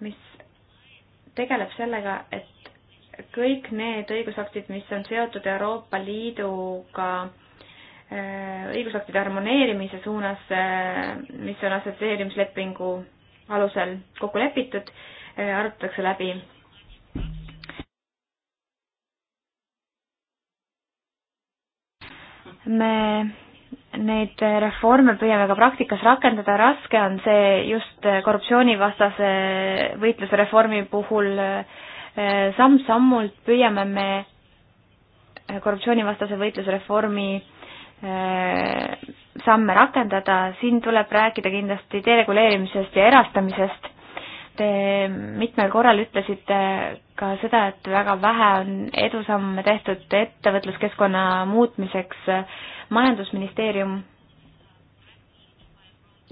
mis tegeleb sellega, et kõik need õigusaktid, mis on seotud Euroopa Liiduga äh, õigusaktide harmoneerimise suunas, äh, mis on assotsieerimislepingu alusel kokku lepitud, äh, arutatakse läbi. me neid reforme püüame ka praktikas rakendada, raske on see just korruptsioonivastase võitluse reformi puhul samm-sammult püüame me korruptsioonivastase võitluse reformi eh, samme rakendada, siin tuleb rääkida kindlasti dereguleerimisest ja erastamisest. Te mitmel korral ütlesite ka seda, et väga vähe on edusamme tehtud ettevõtluskeskkonna muutmiseks äh, majandusministeerium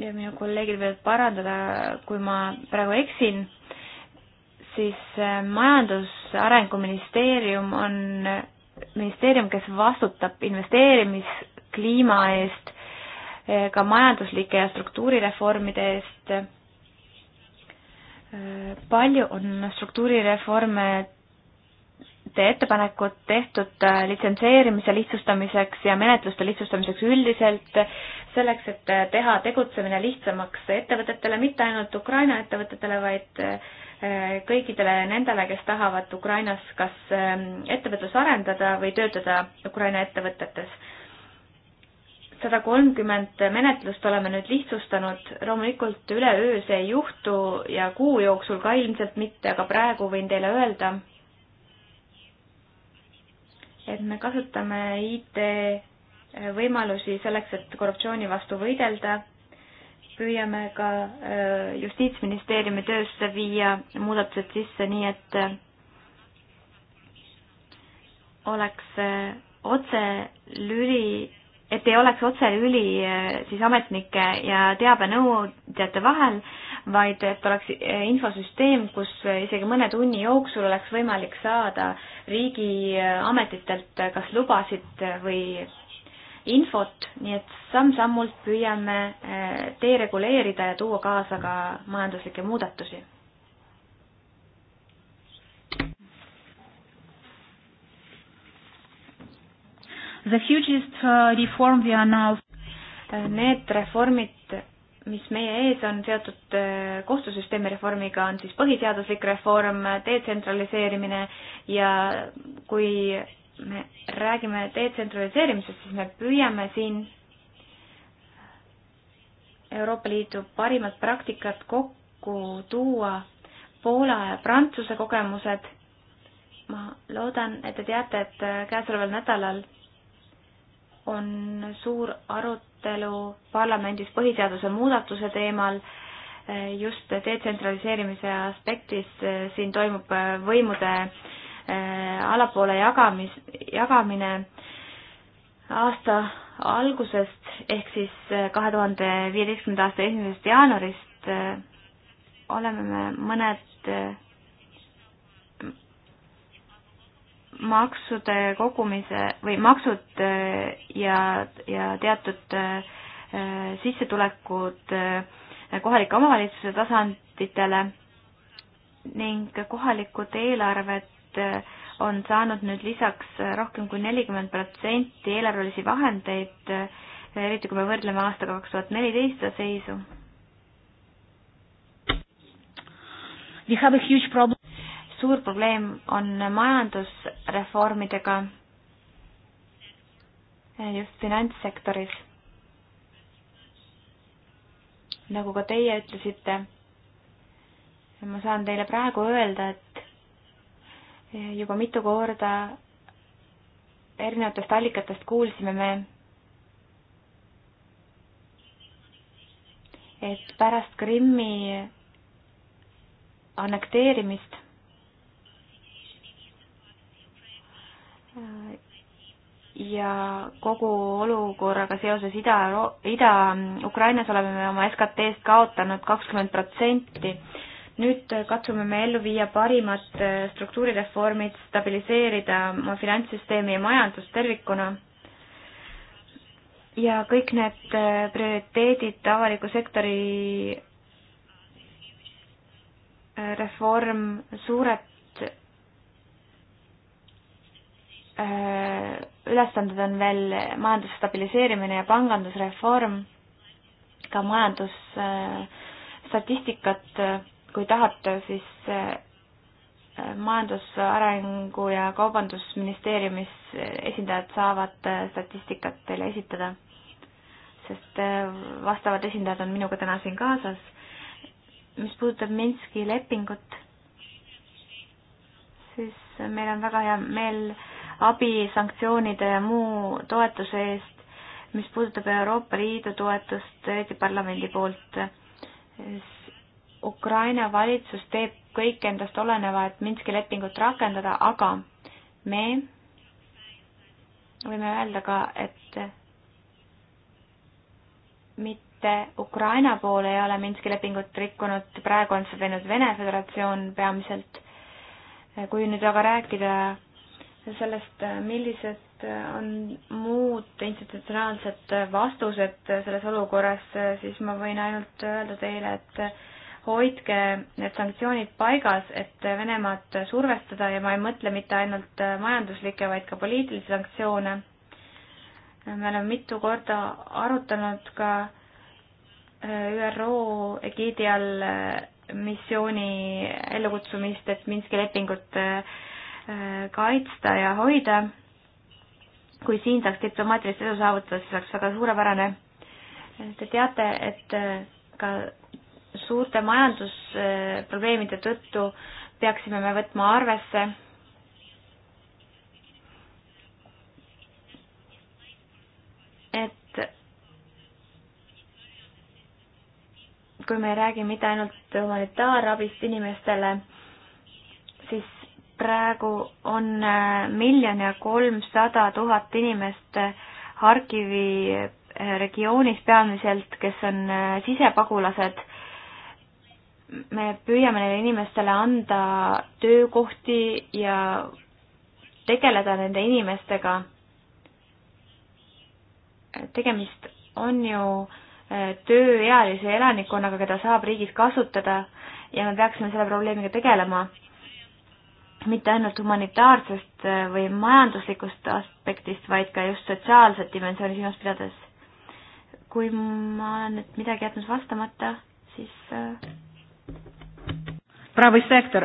ja minu kolleegid võivad parandada, kui ma praegu eksin, siis äh, Majandusarengu ministeerium on äh, ministeerium, kes vastutab investeerimiskliima eest, äh, ka majanduslike ja struktuurireformide eest. palju on struktuurireforme ettepanekud tehtud äh, litsenseerimise lihtsustamiseks ja menetluste lihtsustamiseks üldiselt, selleks, et äh, teha tegutsemine lihtsamaks ettevõtetele, mitte ainult Ukraina ettevõtetele, vaid äh, kõikidele nendele, kes tahavad Ukrainas kas ähm, ettevõtlus arendada või töötada Ukraina ettevõtetes. sada kolmkümmend menetlust oleme nüüd lihtsustanud, loomulikult üleöö see ei juhtu ja kuu jooksul ka ilmselt mitte, aga praegu võin teile öelda, et me kasutame IT võimalusi selleks, et korruptsiooni vastu võidelda. püüame ka äh, Justiitsministeeriumi töösse viia muudatused sisse, nii et äh, oleks äh, otselüli et ei oleks otselüli eh, siis ametnike ja teabenõudjate vahel, vaid et oleks eh, infosüsteem, kus isegi mõne tunni jooksul oleks võimalik saada riigiametitelt eh, kas lubasid või infot, nii et samm-sammult püüame dereguleerida ja tuua kaasa ka majanduslikke muudatusi. The hugest uh, reform we are now Need reformid, mis meie ees on seotud äh, kohtusüsteemi reformiga, on siis põhiseaduslik reform, detsentraliseerimine ja kui me räägime detsentraliseerimisest, siis me püüame siin Euroopa Liidu parimat praktikat kokku tuua Poola ja Prantsuse kogemused. ma loodan, et te teate, et äh, käesoleval nädalal on suur arutelu parlamendis põhiseaduse muudatuse teemal just detsentraliseerimise aspektis. Eh, siin toimub eh, võimude eh, allapoole jagamis, jagamine aasta algusest ehk siis kahe tuhande viieteistkümnenda aasta esimesest jaanuarist oleme me mõned maksude kogumise või maksud eh, ja, ja teatud eh, sissetulekud eh, kohalike omavalitsuse tasanditele ning kohalikud eelarved on saanud nüüd lisaks rohkem kui nelikümmend protsenti eelarvelisi vahendeid, eriti kui me võrdleme aastaga kaks tuhat neliteist seisu. suur probleem on majandus reformidega just finantssektoris. nagu ka teie ütlesite, ma saan teile praegu öelda, et juba mitu korda erinevatest allikatest kuulsime me, et pärast Krimmi annekteerimist ja kogu olukorraga seoses Ida, Ida-Ukrainas oleme me oma SKT-st kaotanud kakskümmend protsenti. nüüd katsume me ellu viia parimad eh, struktuurireformid, stabiliseerida oma finantssüsteemi ja majandust tervikuna. ja kõik need eh, prioriteedid avaliku sektori eh, reform, suured Äh, ülesanded on veel majanduse stabiliseerimine ja pangandusreform, ka majandusstatistikat, äh, kui tahate, siis äh, majandusarengu ja kaubandusministeeriumis esindajad saavad statistikat teile esitada, sest vastavad esindajad on minuga täna siin kaasas. mis puudutab Minski lepingut, siis meil on väga hea meel äh, abi sanktsioonide ja muu toetuse eest, mis puudutab Euroopa Liidu toetust, eriti parlamendi poolt. Ukraina valitsus teeb kõik endast oleneva, et Minski lepingut rakendada, aga me võime öelda ka, et mitte Ukraina pool ei ole Minski lepingut rikkunud, praegu on seda teinud Vene Föderatsioon peamiselt. kui nüüd aga rääkida sellest, äh, millised äh, on muud institutsionaalsed äh, vastused selles olukorras, siis ma võin ainult öelda teile, et hoidke need sanktsioonid paigas, et Venemaad survestada ja ma ei mõtle mitte ainult majanduslikke, vaid ka poliitilisi sanktsioone. me oleme mitu korda arutanud ka ÜRO egiidi all missiooni ellukutsumist, et Minski lepingut äh, Äh, kaitsta ja hoida. kui siin saaks diplomaatilist edu saavutada, siis oleks väga suurepärane. Te teate, et äh, ka suurte majandusprobleemide tõttu peaksime me võtma arvesse et kui me ei räägi mitte ainult humanitaarabist inimestele, siis praegu on äh, miljon ja kolmsada tuhat inimest äh, Harkivi äh, regioonis peamiselt, kes on sisepagulased. me püüame neile inimestele anda töökohti ja tegeleda nende inimestega. tegemist on ju tööealise elanikkonnaga, keda saab riigis kasutada ja me peaksime selle probleemiga tegelema mitte ainult humanitaarsest äh, või majanduslikust aspektist, vaid ka just sotsiaalset dimensiooni silmas pidades. kui ma olen nüüd midagi jätnud vastamata, siis äh, Pravi sektor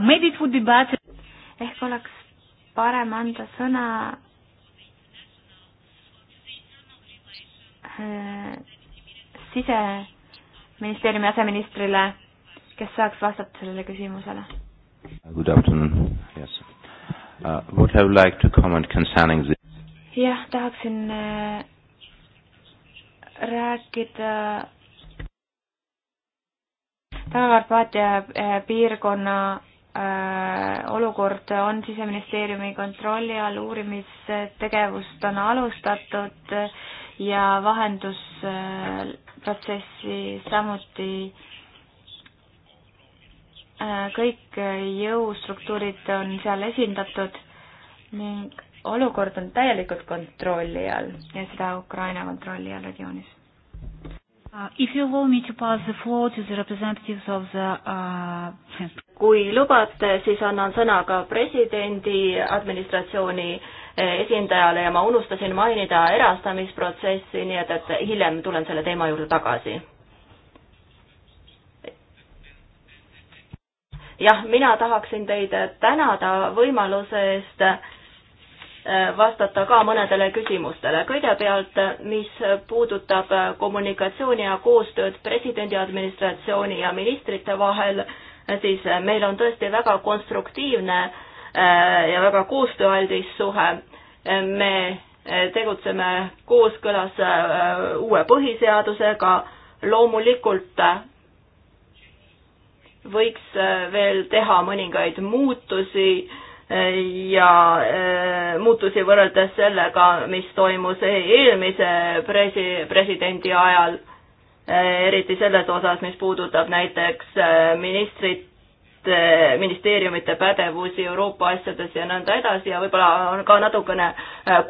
Maybe it would be better ehk oleks parem anda sõna äh, siseministeeriumi aseministrile, kes saaks vastata sellele küsimusele Uh, good afternoon, yes uh,. What I would like to comment concerning the jah, tahaksin äh, rääkida Taga-Karpaatia äh, piirkonna äh, olukord on Siseministeeriumi kontrolli all, uurimistegevust on alustatud ja vahendusprotsessi samuti kõik jõustruktuurid on seal esindatud ning olukord on täielikult kontrolli all ja seda Ukraina kontrolli all regioonis. Uh, if you allow me to pass the floor to the representatives of the uh... kui lubate, siis annan sõna ka presidendi administratsiooni eh, esindajale ja ma unustasin mainida erastamisprotsessi, nii et, et hiljem tulen selle teema juurde tagasi jah, mina tahaksin teid tänada võimaluse eest äh, vastata ka mõnedele küsimustele. kõigepealt, mis puudutab äh, kommunikatsiooni ja koostööd presidendi administratsiooni ja ministrite vahel, siis äh, meil on tõesti väga konstruktiivne ja väga koostööaldis suhe. me tegutseme kooskõlas uue põhiseadusega, loomulikult võiks äh, veel teha mõningaid muutusi äh, ja äh, muutusi võrreldes sellega, mis toimus eelmise presi-, presidendi ajal, eriti selles osas, mis puudutab näiteks ministrit, ministeeriumite pädevusi Euroopa asjades ja nõnda edasi ja võib-olla on ka natukene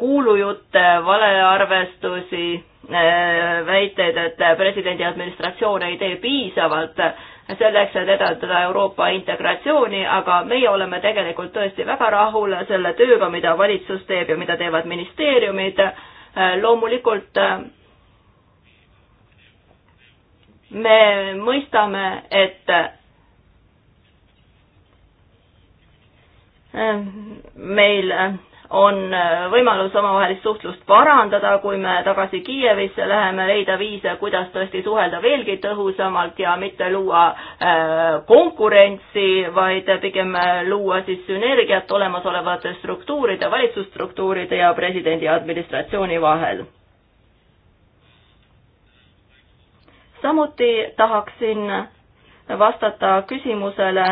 kuulujutte, valearvestusi, väiteid, et presidendi administratsioon ei tee piisavalt selleks, et edendada Euroopa integratsiooni, aga meie oleme tegelikult tõesti väga rahul selle tööga, mida valitsus teeb ja mida teevad ministeeriumid. loomulikult me mõistame, et eh, meil eh, on äh, võimalus omavahelist suhtlust parandada, kui me tagasi Kiievisse läheme, leida viise, kuidas tõesti suhelda veelgi tõhusamalt ja mitte luua äh, konkurentsi, vaid pigem äh, luua siis sünergiat olemasolevate struktuuride, valitsusstruktuuride ja presidendi administratsiooni vahel. samuti tahaksin vastata küsimusele,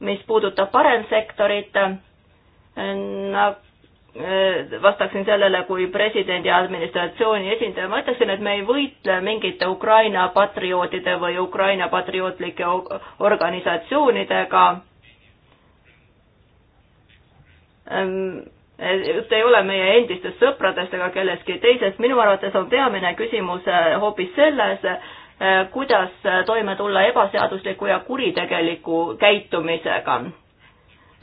mis puudutab paremsektorit nagu vastaksin sellele kui presidendi administratsiooni esindaja, ma ütleksin, et me ei võitle mingite Ukraina patriootide või Ukraina patriootlike organisatsioonidega. jutt ehm, ei ole meie endistest sõpradest ega kellestki teisest, minu arvates on peamine küsimus eh, hoopis selles, eh, kuidas toime tulla ebaseadusliku ja kuritegeliku käitumisega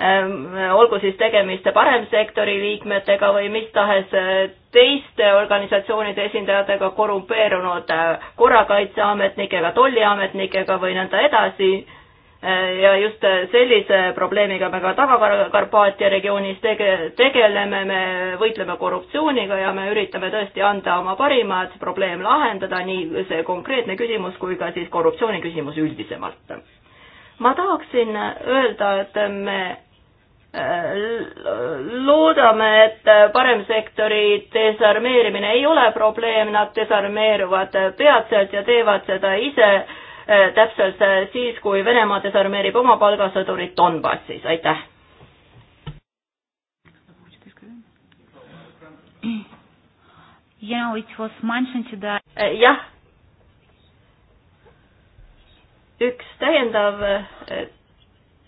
Ähm, olgu siis tegemist paremsektori liikmetega või mis tahes äh, teiste organisatsioonide esindajatega, korrumpeerunud äh, korrakaitseametnikega, tolliametnikega või nõnda edasi. Äh, ja just sellise probleemiga me ka Taga-Karpaatia regioonis tege-, tegeleme, me võitleme korruptsiooniga ja me üritame tõesti anda oma parima, et see probleem lahendada, nii see konkreetne küsimus kui ka siis korruptsiooniküsimus üldisemalt ma tahaksin öelda, et me loodame, et paremsektori desarmeerimine ei ole probleem, nad desarmeeruvad peatselt ja teevad seda ise eh, täpselt siis, kui Venemaa desarmeerib oma palgasõdurid Donbassis, aitäh. Eh, jah, üks täiendav eh,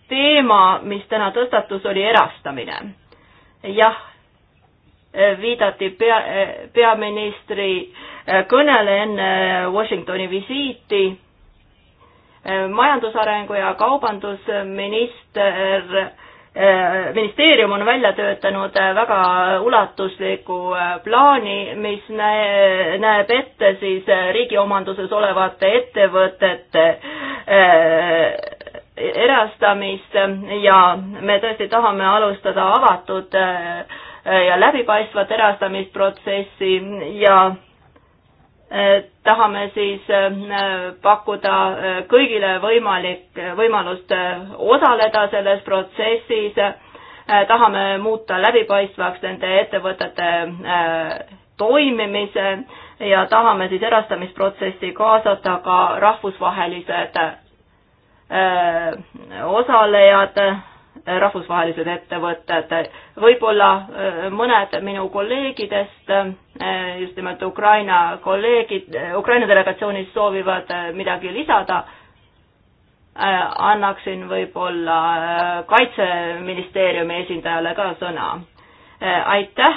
teema, mis täna tõstatus, oli erastamine. jah, eh, viidati pea, eh, peaministri eh, kõnele enne Washingtoni visiiti majandusarengu ja kaubandusminister, ministeerium on välja töötanud väga ulatusliku plaani, mis näeb ette siis riigi omanduses olevate ettevõtete erastamist ja me tõesti tahame alustada avatud äh, ja läbipaistvat erastamisprotsessi ja äh, tahame siis äh, pakkuda kõigile võimalik, võimalust osaleda selles protsessis, tahame muuta läbipaistvaks nende ettevõtete toimimise ja tahame siis erastamisprotsessi kaasata ka rahvusvahelised Äh, osalejad, äh, rahvusvahelised ettevõtted, võib-olla äh, mõned minu kolleegidest, just nimelt Ukraina kolleegid, Ukraina delegatsioonis soovivad midagi lisada, annaksin võib-olla Kaitseministeeriumi esindajale ka sõna Äh, aitäh,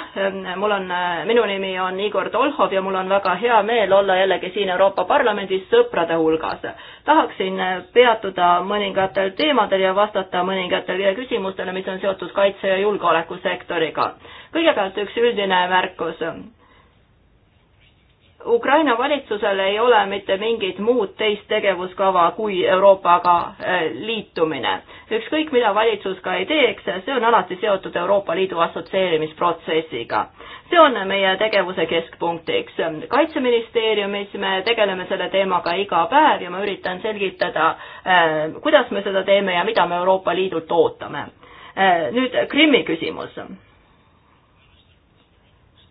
mul on, äh, minu nimi on Igor Tolhov ja mul on väga hea meel olla jällegi siin Euroopa Parlamendis sõprade hulgas. tahaksin äh, peatuda mõningatel teemadel ja vastata mõningatele küsimustele, mis on seotud kaitse- ja julgeolekusektoriga. kõigepealt üks üldine märkus Ukraina valitsusel ei ole mitte mingit muud teist tegevuskava kui Euroopaga äh, liitumine. ükskõik, mida valitsus ka ei teeks, see on alati seotud Euroopa Liidu assotsieerimisprotsessiga. see on meie tegevuse keskpunktiks. kaitseministeeriumis me tegeleme selle teemaga iga päev ja ma üritan selgitada, äh, kuidas me seda teeme ja mida me Euroopa Liidult ootame. Äh, nüüd Krimmi küsimus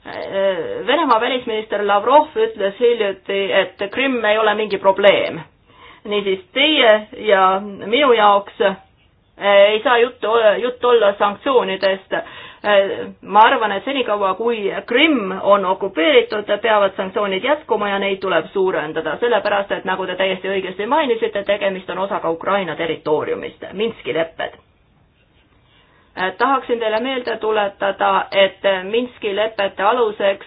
Äh, Venemaa välisminister Lavrov ütles hiljuti, et Krimm ei ole mingi probleem. niisiis, teie ja minu jaoks äh, ei saa juttu, juttu olla sanktsioonidest. Äh, ma arvan, et senikaua, kui Krimm on okupeeritud, peavad sanktsioonid jätkuma ja neid tuleb suurendada, sellepärast et nagu te täiesti õigesti mainisite, tegemist on osaga Ukraina territooriumist, Minski lepped Äh, tahaksin teile meelde tuletada, et Minski lepete aluseks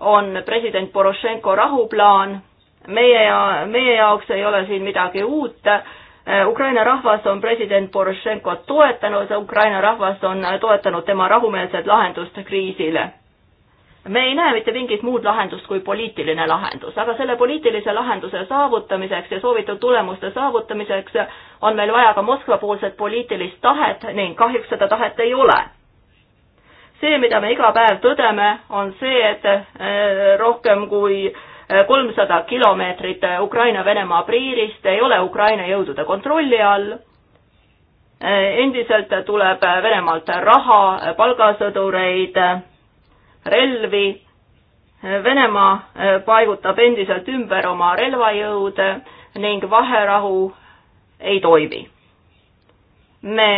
on president Porošenko rahuplaan. meie ja meie jaoks ei ole siin midagi uut. Äh, Ukraina rahvas on president Porošenkot toetanud, Ukraina rahvas on toetanud tema rahumeelset lahendust kriisile me ei näe mitte mingit muud lahendust kui poliitiline lahendus, aga selle poliitilise lahenduse saavutamiseks ja soovitud tulemuste saavutamiseks on meil vaja ka Moskva-poolset poliitilist tahet ning kahjuks seda tahet ei ole. see, mida me iga päev tõdeme, on see, et äh, rohkem kui äh, kolmsada kilomeetrit äh, Ukraina-Venemaa piirist ei ole Ukraina jõudude kontrolli all endiselt tuleb Venemaalt raha, palgasõdureid relvi. Venemaa eh, paigutab endiselt ümber oma relvajõude eh, ning vaherahu ei toimi. me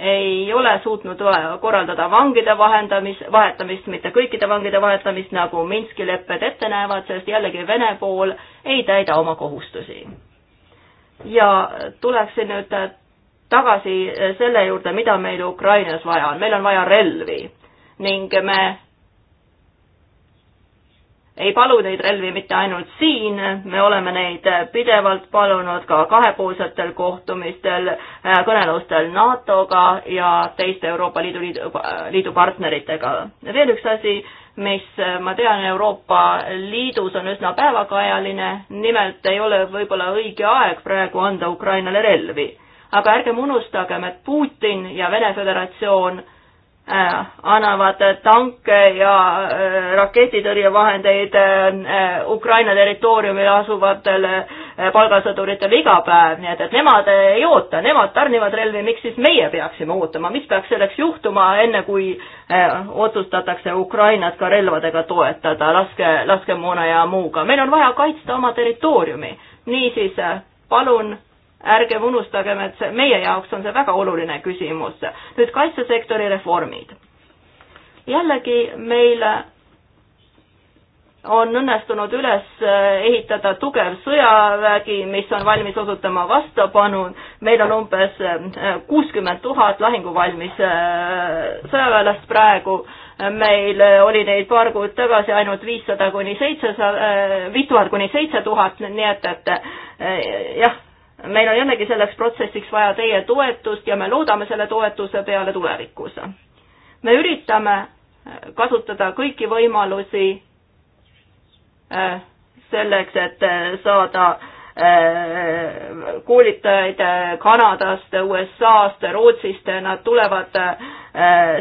ei ole suutnud eh, korraldada vangide vahendamis, vahetamist, mitte kõikide vangide vahetamist, nagu Minski lepped ette näevad, sest jällegi Vene pool ei täida oma kohustusi. ja tuleksin nüüd tagasi selle juurde, mida meil Ukrainas vaja on, meil on vaja relvi ning me ei palu neid relvi mitte ainult siin, me oleme neid pidevalt palunud ka kahepoolsetel kohtumistel, äh, kõnelustel NATO-ga ja teiste Euroopa Liidu, Liidu, Liidu partneritega. veel üks asi, mis äh, ma tean, Euroopa Liidus on üsna päevakajaline, nimelt ei ole võib-olla õige aeg praegu anda Ukrainale relvi. aga ärgem unustagem, et Putin ja Vene Föderatsioon Äh, annavad tanke ja äh, raketitõrjevahendeid äh, Ukraina territooriumil asuvatele palgasõduritele iga päev, nii et, et nemad ei oota, nemad tarnivad relvi, miks siis meie peaksime ootama, mis peaks selleks juhtuma, enne kui otsustatakse Ukrainat ka relvadega toetada, laske, laskemoona ja muuga, meil on vaja kaitsta oma territooriumi, niisiis palun ärgem unustagem, et see meie jaoks on see väga oluline küsimus. nüüd kaitsesektori reformid. jällegi meil on õnnestunud üles ehitada tugev sõjavägi, mis on valmis osutama vastupanu. meil on umbes eh, kuuskümmend tuhat lahinguvalmis eh, sõjaväelast praegu. meil oli neid paar kuud tagasi ainult viissada kuni seitsesada, eh, viis tuhat kuni seitse tuhat, nii et, et jah meil on jällegi selleks protsessiks vaja teie toetust ja me loodame selle toetuse peale tulevikus. me üritame äh, kasutada kõiki võimalusi äh, selleks, et äh, saada koolitajaid Kanadast, USA-st, Rootsist, nad tulevad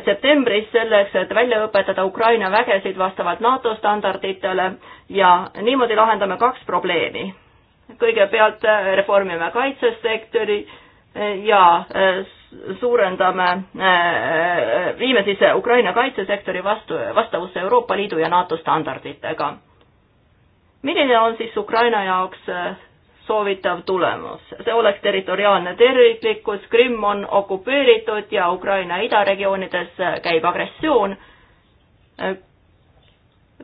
septembris selleks, et välja õpetada Ukraina vägesid vastavalt NATO standarditele ja niimoodi lahendame kaks probleemi kõigepealt äh, reformime kaitsesektori äh, ja äh, suurendame, viime siis Ukraina kaitsesektori vastu, vastavusse Euroopa Liidu ja NATO standarditega. milline on siis Ukraina jaoks soovitav tulemus. see oleks territoriaalne terviklikkus, Krimm on okupeeritud ja Ukraina idaregioonides käib agressioon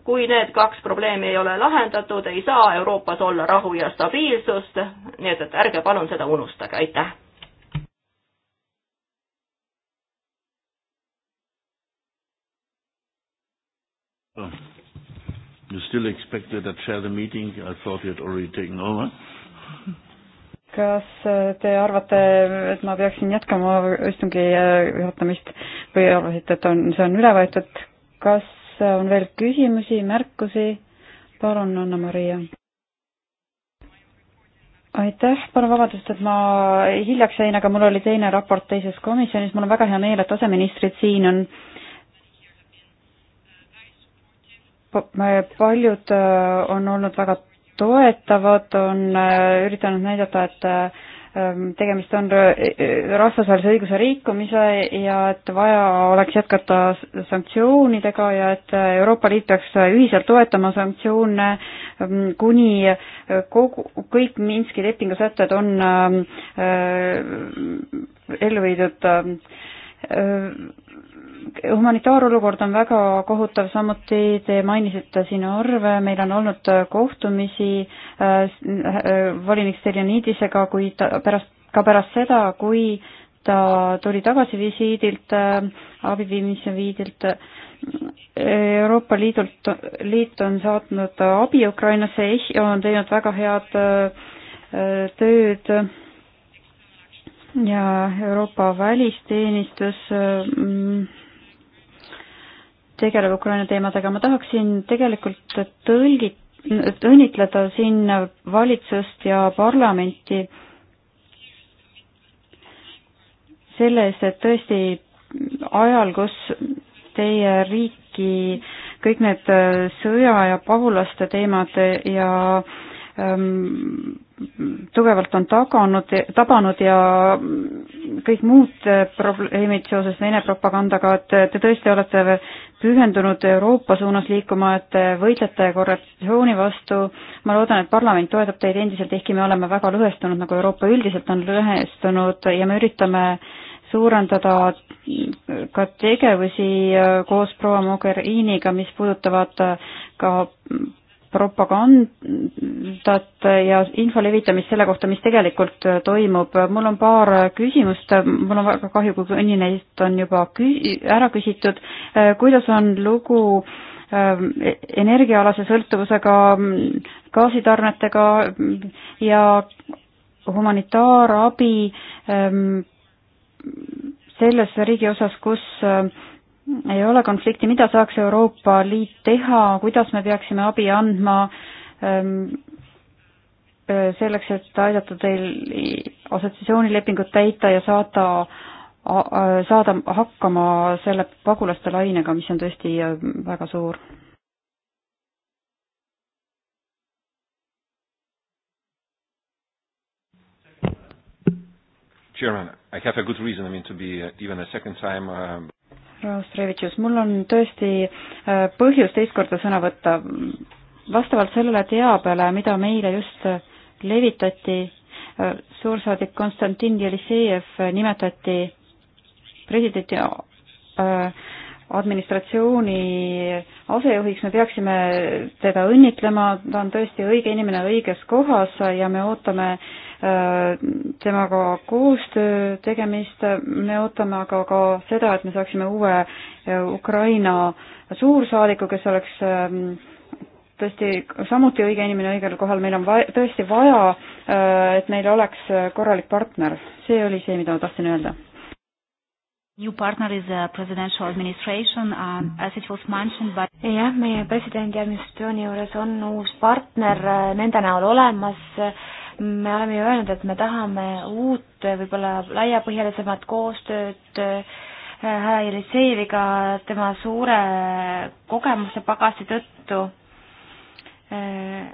kui need kaks probleemi ei ole lahendatud, ei saa Euroopas olla rahu ja stabiilsust, nii et, et ärge palun seda unustage, aitäh! Oh. You still expected that share the meeting, I thought you had already taken over. kas äh, te arvate, et ma peaksin jätkama istungi äh, juhatamist või arvasite, et on, see on üle võetud, kas on veel küsimusi, märkusi? palun, Anna-Maria. aitäh, palun vabandust, et ma hiljaks jäin, aga mul oli teine raport teises komisjonis, mul on väga hea meel, et aseministrid siin on paljud äh, on olnud väga toetavad, on äh, üritanud näidata, et äh, Ehm, tegemist on e- e- rahvusvahelise õiguse rikkumise ja et vaja oleks jätkata sanktsioonidega ja et Euroopa Liit peaks ühiselt toetama sanktsioone, ehm, kuni e, kogu, kõik Minski lepingu sätted on ehm, ellu viidud humanitaarolukord on väga kohutav, samuti te mainisite siin arve, meil on olnud kohtumisi äh, volinik Steljanidisega, kui ta pärast, ka pärast seda, kui ta tuli tagasi visiidilt, äh, abiviimise viidilt, Euroopa Liidult, liit on saatnud abi Ukrainasse, on teinud väga head äh, tööd ja Euroopa välisteenistus mm, tegeleb Ukraina teemadega, ma tahaksin tegelikult tõlgi-, õnnitleda siin valitsust ja parlamenti selle eest, et tõesti ajal, kus teie riiki kõik need sõja ja pagulaste teemad ja ähm, tugevalt on taganud, tabanud ja kõik muud probleemid seoses Vene propagandaga, et te tõesti olete pühendunud Euroopa suunas liikuma, et võitlete korruptsiooni vastu. ma loodan, et parlament toetab teid endiselt, ehkki me oleme väga lõhestunud, nagu Euroopa üldiselt on lõhestunud ja me üritame suurendada ka tegevusi äh, koos proua Mogheriniga, mis puudutavad ka propagandat ja info levitamist selle kohta, mis tegelikult toimub. mul on paar küsimust, mul on väga kahju, kui mõni neist on juba küsi-, ära küsitud. kuidas on lugu ähm, energiaalase sõltuvusega, gaasitarnetega ja humanitaarabi ähm, selles riigi osas, kus äh, ei ole konflikti, mida saaks Euroopa Liit teha, kuidas me peaksime abi andma ähm, äh, selleks, et aidata teil assotsiatsioonilepingut täita ja saada, saada hakkama selle pagulaste lainega, mis on tõesti äh, väga suur. Chairman, I have a good reason, I mean, to be uh, even a second time uh, Rastrevitšus, mul on tõesti äh, põhjus teist korda sõna võtta. vastavalt sellele teabele, mida meile just äh, levitati, äh, suursaadik Konstantin Jelisejev nimetati presidendi administratsiooni asejuhiks, me peaksime teda õnnitlema, ta on tõesti õige inimene õiges kohas ja me ootame äh, temaga koostöö tegemist, me ootame aga ka seda, et me saaksime uue äh, Ukraina suursaadiku, kes oleks ähm, tõesti samuti õige inimene õigel kohal, meil on vaja, tõesti vaja, äh, et meil oleks korralik partner, see oli see, mida ma tahtsin öelda. New partner is a uh, presidential administration and um, as it was mentioned by jah, meie presidendi administratsiooni juures on uus partner äh, nende näol olemas äh, me oleme ju öelnud, et me tahame uut, võib-olla laiapõhjalisemat koostööd äh, härra Jeliseeviga tema suure kogemuse pagasi tõttu, äh,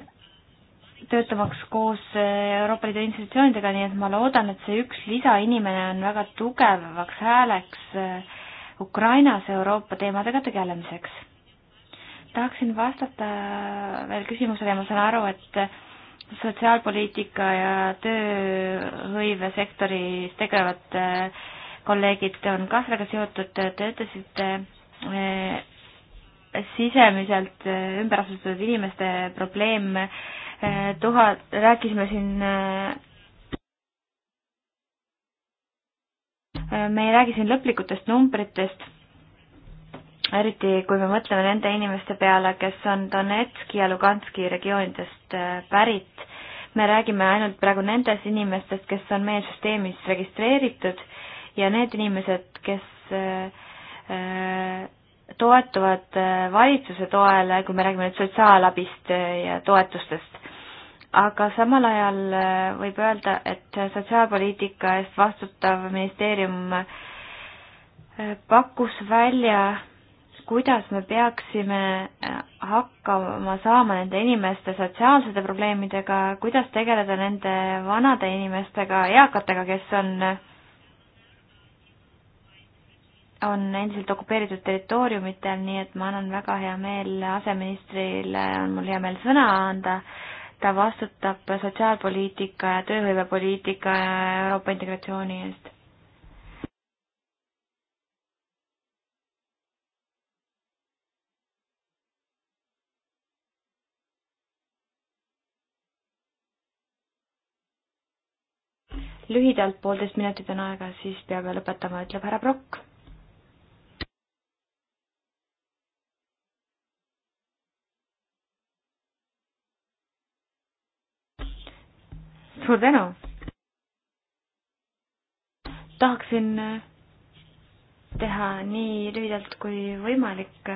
töötamaks koos äh, Euroopa Liidu institutsioonidega, nii et ma loodan, et see üks lisainimene on väga tugevaks hääleks Ukrainas Euroopa teemadega tegelemiseks tahaksin vastata veel küsimusele ja ma saan aru, et sotsiaalpoliitika ja tööhõivesektoris tegevad äh, kolleegid on ka sellega seotud, te ütlesite äh, sisemiselt äh, ümberasustatud inimeste probleem, tuhat, rääkisime siin me ei räägi siin lõplikutest numbritest eriti kui me mõtleme nende inimeste peale, kes on Donetski ja Luganski regioonidest äh, pärit. me räägime ainult praegu nendest inimestest, kes on meie süsteemis registreeritud ja need inimesed, kes äh, äh, toetuvad valitsuse toele, kui me räägime nüüd sotsiaalabist ja toetustest. aga samal ajal võib öelda, et sotsiaalpoliitika eest vastutav ministeerium pakkus välja kuidas me peaksime äh, hakkama saama nende inimeste sotsiaalsete probleemidega, kuidas tegeleda nende vanade inimestega, eakatega, kes on, on endiselt okupeeritud territooriumitel, nii et ma annan väga hea meel aseministrile, on mul hea meel sõna anda. ta vastutab sotsiaalpoliitika ja tööhõivepoliitika ja Euroopa integratsiooni eest lühidalt, poolteist minutit on aega, siis peame lõpetama, ütleb härra Prokk. suur tänu! tahaksin äh, teha nii lühidalt kui võimalik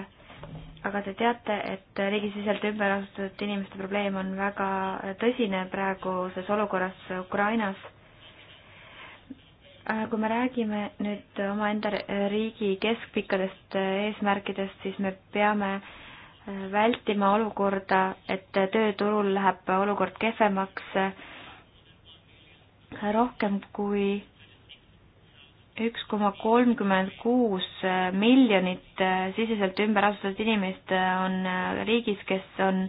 aga te teate, et riigisiselt ümber asustatud inimeste probleem on väga äh, tõsine praeguses olukorras Ukrainas Äh, kui me räägime nüüd omaenda riigi keskpikkadest äh, eesmärkidest, siis me peame äh, vältima olukorda, et tööturul läheb olukord kehvemaks rohkem kui üks koma kolmkümmend kuus miljonit siseselt ümber asustatud inimest on riigis, kes on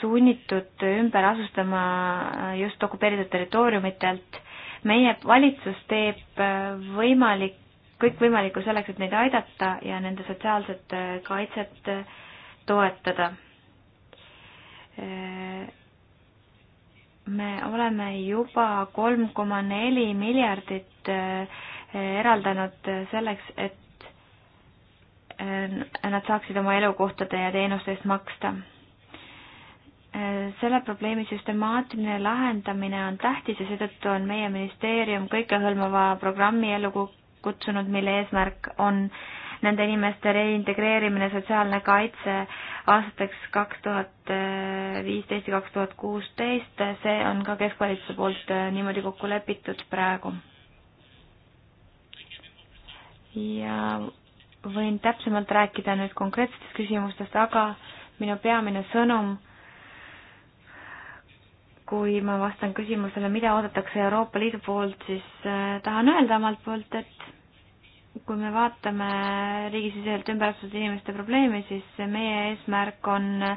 sunnitud ümber asustama just okupeeritud territooriumitelt. meie valitsus teeb äh, võimalik, kõikvõimalikku selleks, et neid aidata ja nende sotsiaalset äh, kaitset äh, toetada. me oleme juba kolm koma neli miljardit eraldanud selleks, et nad saaksid oma elukohtade ja teenuste eest maksta selle probleemi süstemaatiline lahendamine on tähtis ja seetõttu on meie ministeerium kõikehõlmava programmi ellu kutsunud, mille eesmärk on nende inimeste reintegreerimine, sotsiaalne kaitse aastateks kaks tuhat äh, viisteist ja kaks tuhat kuusteist, see on ka keskvalitsuse poolt äh, niimoodi kokku lepitud praegu. ja võin täpsemalt rääkida nüüd konkreetsetest küsimustest, aga minu peamine sõnum kui ma vastan küsimusele, mida oodatakse Euroopa Liidu poolt, siis äh, tahan öelda omalt poolt, et kui me vaatame riigisiseselt ümber asutud inimeste probleemi, siis meie eesmärk on äh,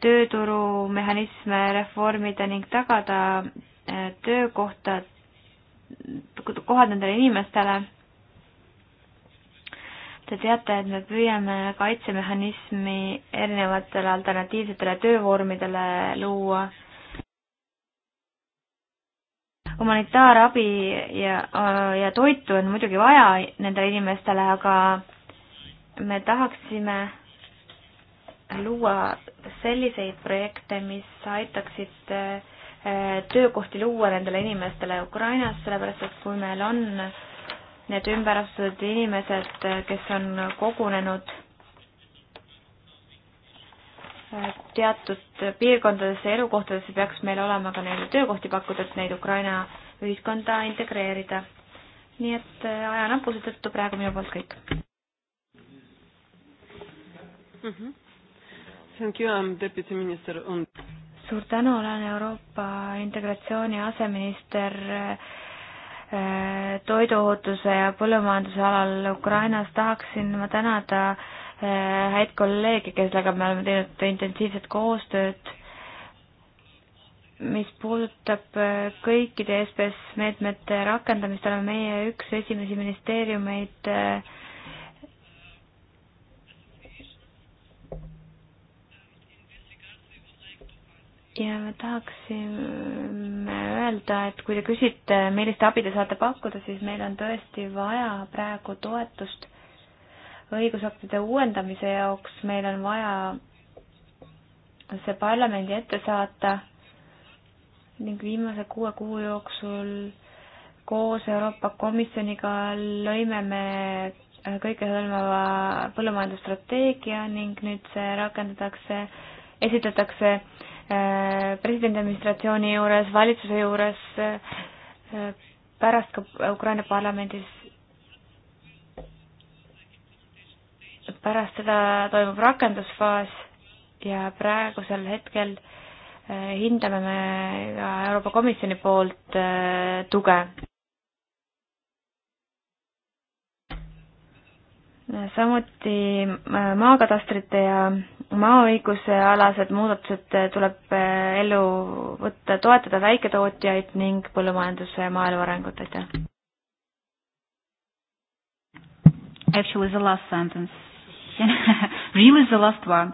tööturumehhanisme reformida ning tagada äh, töökohtad, kohad nendele inimestele. Te teate, et me püüame kaitsemehhanismi erinevatele alternatiivsetele töövormidele luua humanitaarabi ja, ja toitu on muidugi vaja nendele inimestele, aga me tahaksime luua selliseid projekte, mis aitaksid eh, töökohti luua nendele inimestele Ukrainas, sellepärast et kui meil on need ümberasustatud inimesed, eh, kes on kogunenud teatud piirkondadesse ja elukohtadesse peaks meil olema ka neile töökohti pakkuda, et neid Ukraina ühiskonda integreerida. nii et äh, ajanappuse tõttu praegu minu poolt kõik mm. -hmm. Thank you, I am deputy minister on. suur tänu, olen Euroopa integratsiooni aseminister äh, äh, toiduohutuse ja põllumajanduse alal Ukrainas. tahaksin ma tänada äh, häid kolleege, kellega me oleme teinud intensiivset koostööd, mis puudutab äh, kõikide SBS e meetmete rakendamist, oleme meie üks esimesi ministeeriumeid, äh, ja me tahaksime öelda, et kui te küsite, millist abi te saate pakkuda, siis meil on tõesti vaja praegu toetust õigusaktide uuendamise jaoks meil on vaja see parlamendi ette saata ning viimase kuue kuu jooksul koos Euroopa Komisjoniga lõime me kõikehõlmava põllumajandusstrateegia ning nüüd see rakendatakse, esitatakse äh, presidendi administratsiooni juures, valitsuse juures, äh, pärast ka Ukraina parlamendis pärast seda toimub rakendusfaas ja praegusel hetkel eh, hindame me ka Euroopa Komisjoni poolt eh, tuge. samuti eh, maakatastrite ja maaõiguse alased muudatused tuleb ellu võtta, toetada väiketootjaid ning põllumajanduse ja maaelu arengut, aitäh! Actually the last sentence question. Real is the last one.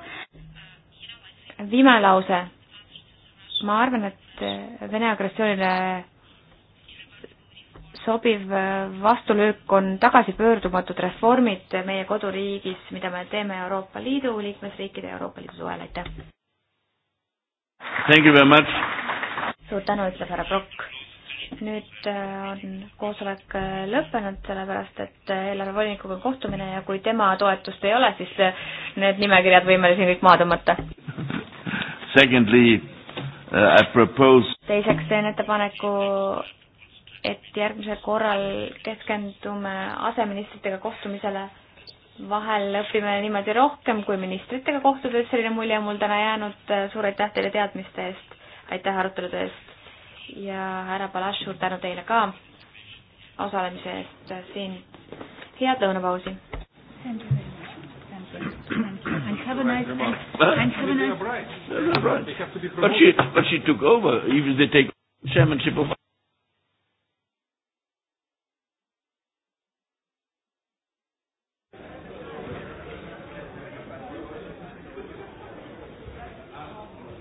viimane lause. ma arvan, et äh, Vene agressioonile sobiv äh, vastulöök on tagasipöördumatud reformid meie koduriigis, mida me teeme Euroopa Liidu liikmesriikide ja Euroopa Liidu suhel, aitäh! suur tänu, ütleb härra Brock nüüd äh, on koosolek äh, lõppenud, sellepärast et äh, eelarvevolinikuga on kohtumine ja kui tema toetust ei ole, siis need nimekirjad võime siin kõik maha tõmmata. Secondly uh,, I propose teiseks teen ettepaneku, et järgmisel korral keskendume aseministritega kohtumisele, vahel õpime niimoodi rohkem kui ministritega kohtudes, selline mulje on mul täna jäänud, suur aitäh teile teadmiste eest, aitäh arutelude eest! ja härra Palaš, suur tänu teile ka osalemise eest siin. head lõunapausi! And have a nice day. And have a nice. But she, but she took over. Even they take chairmanship of.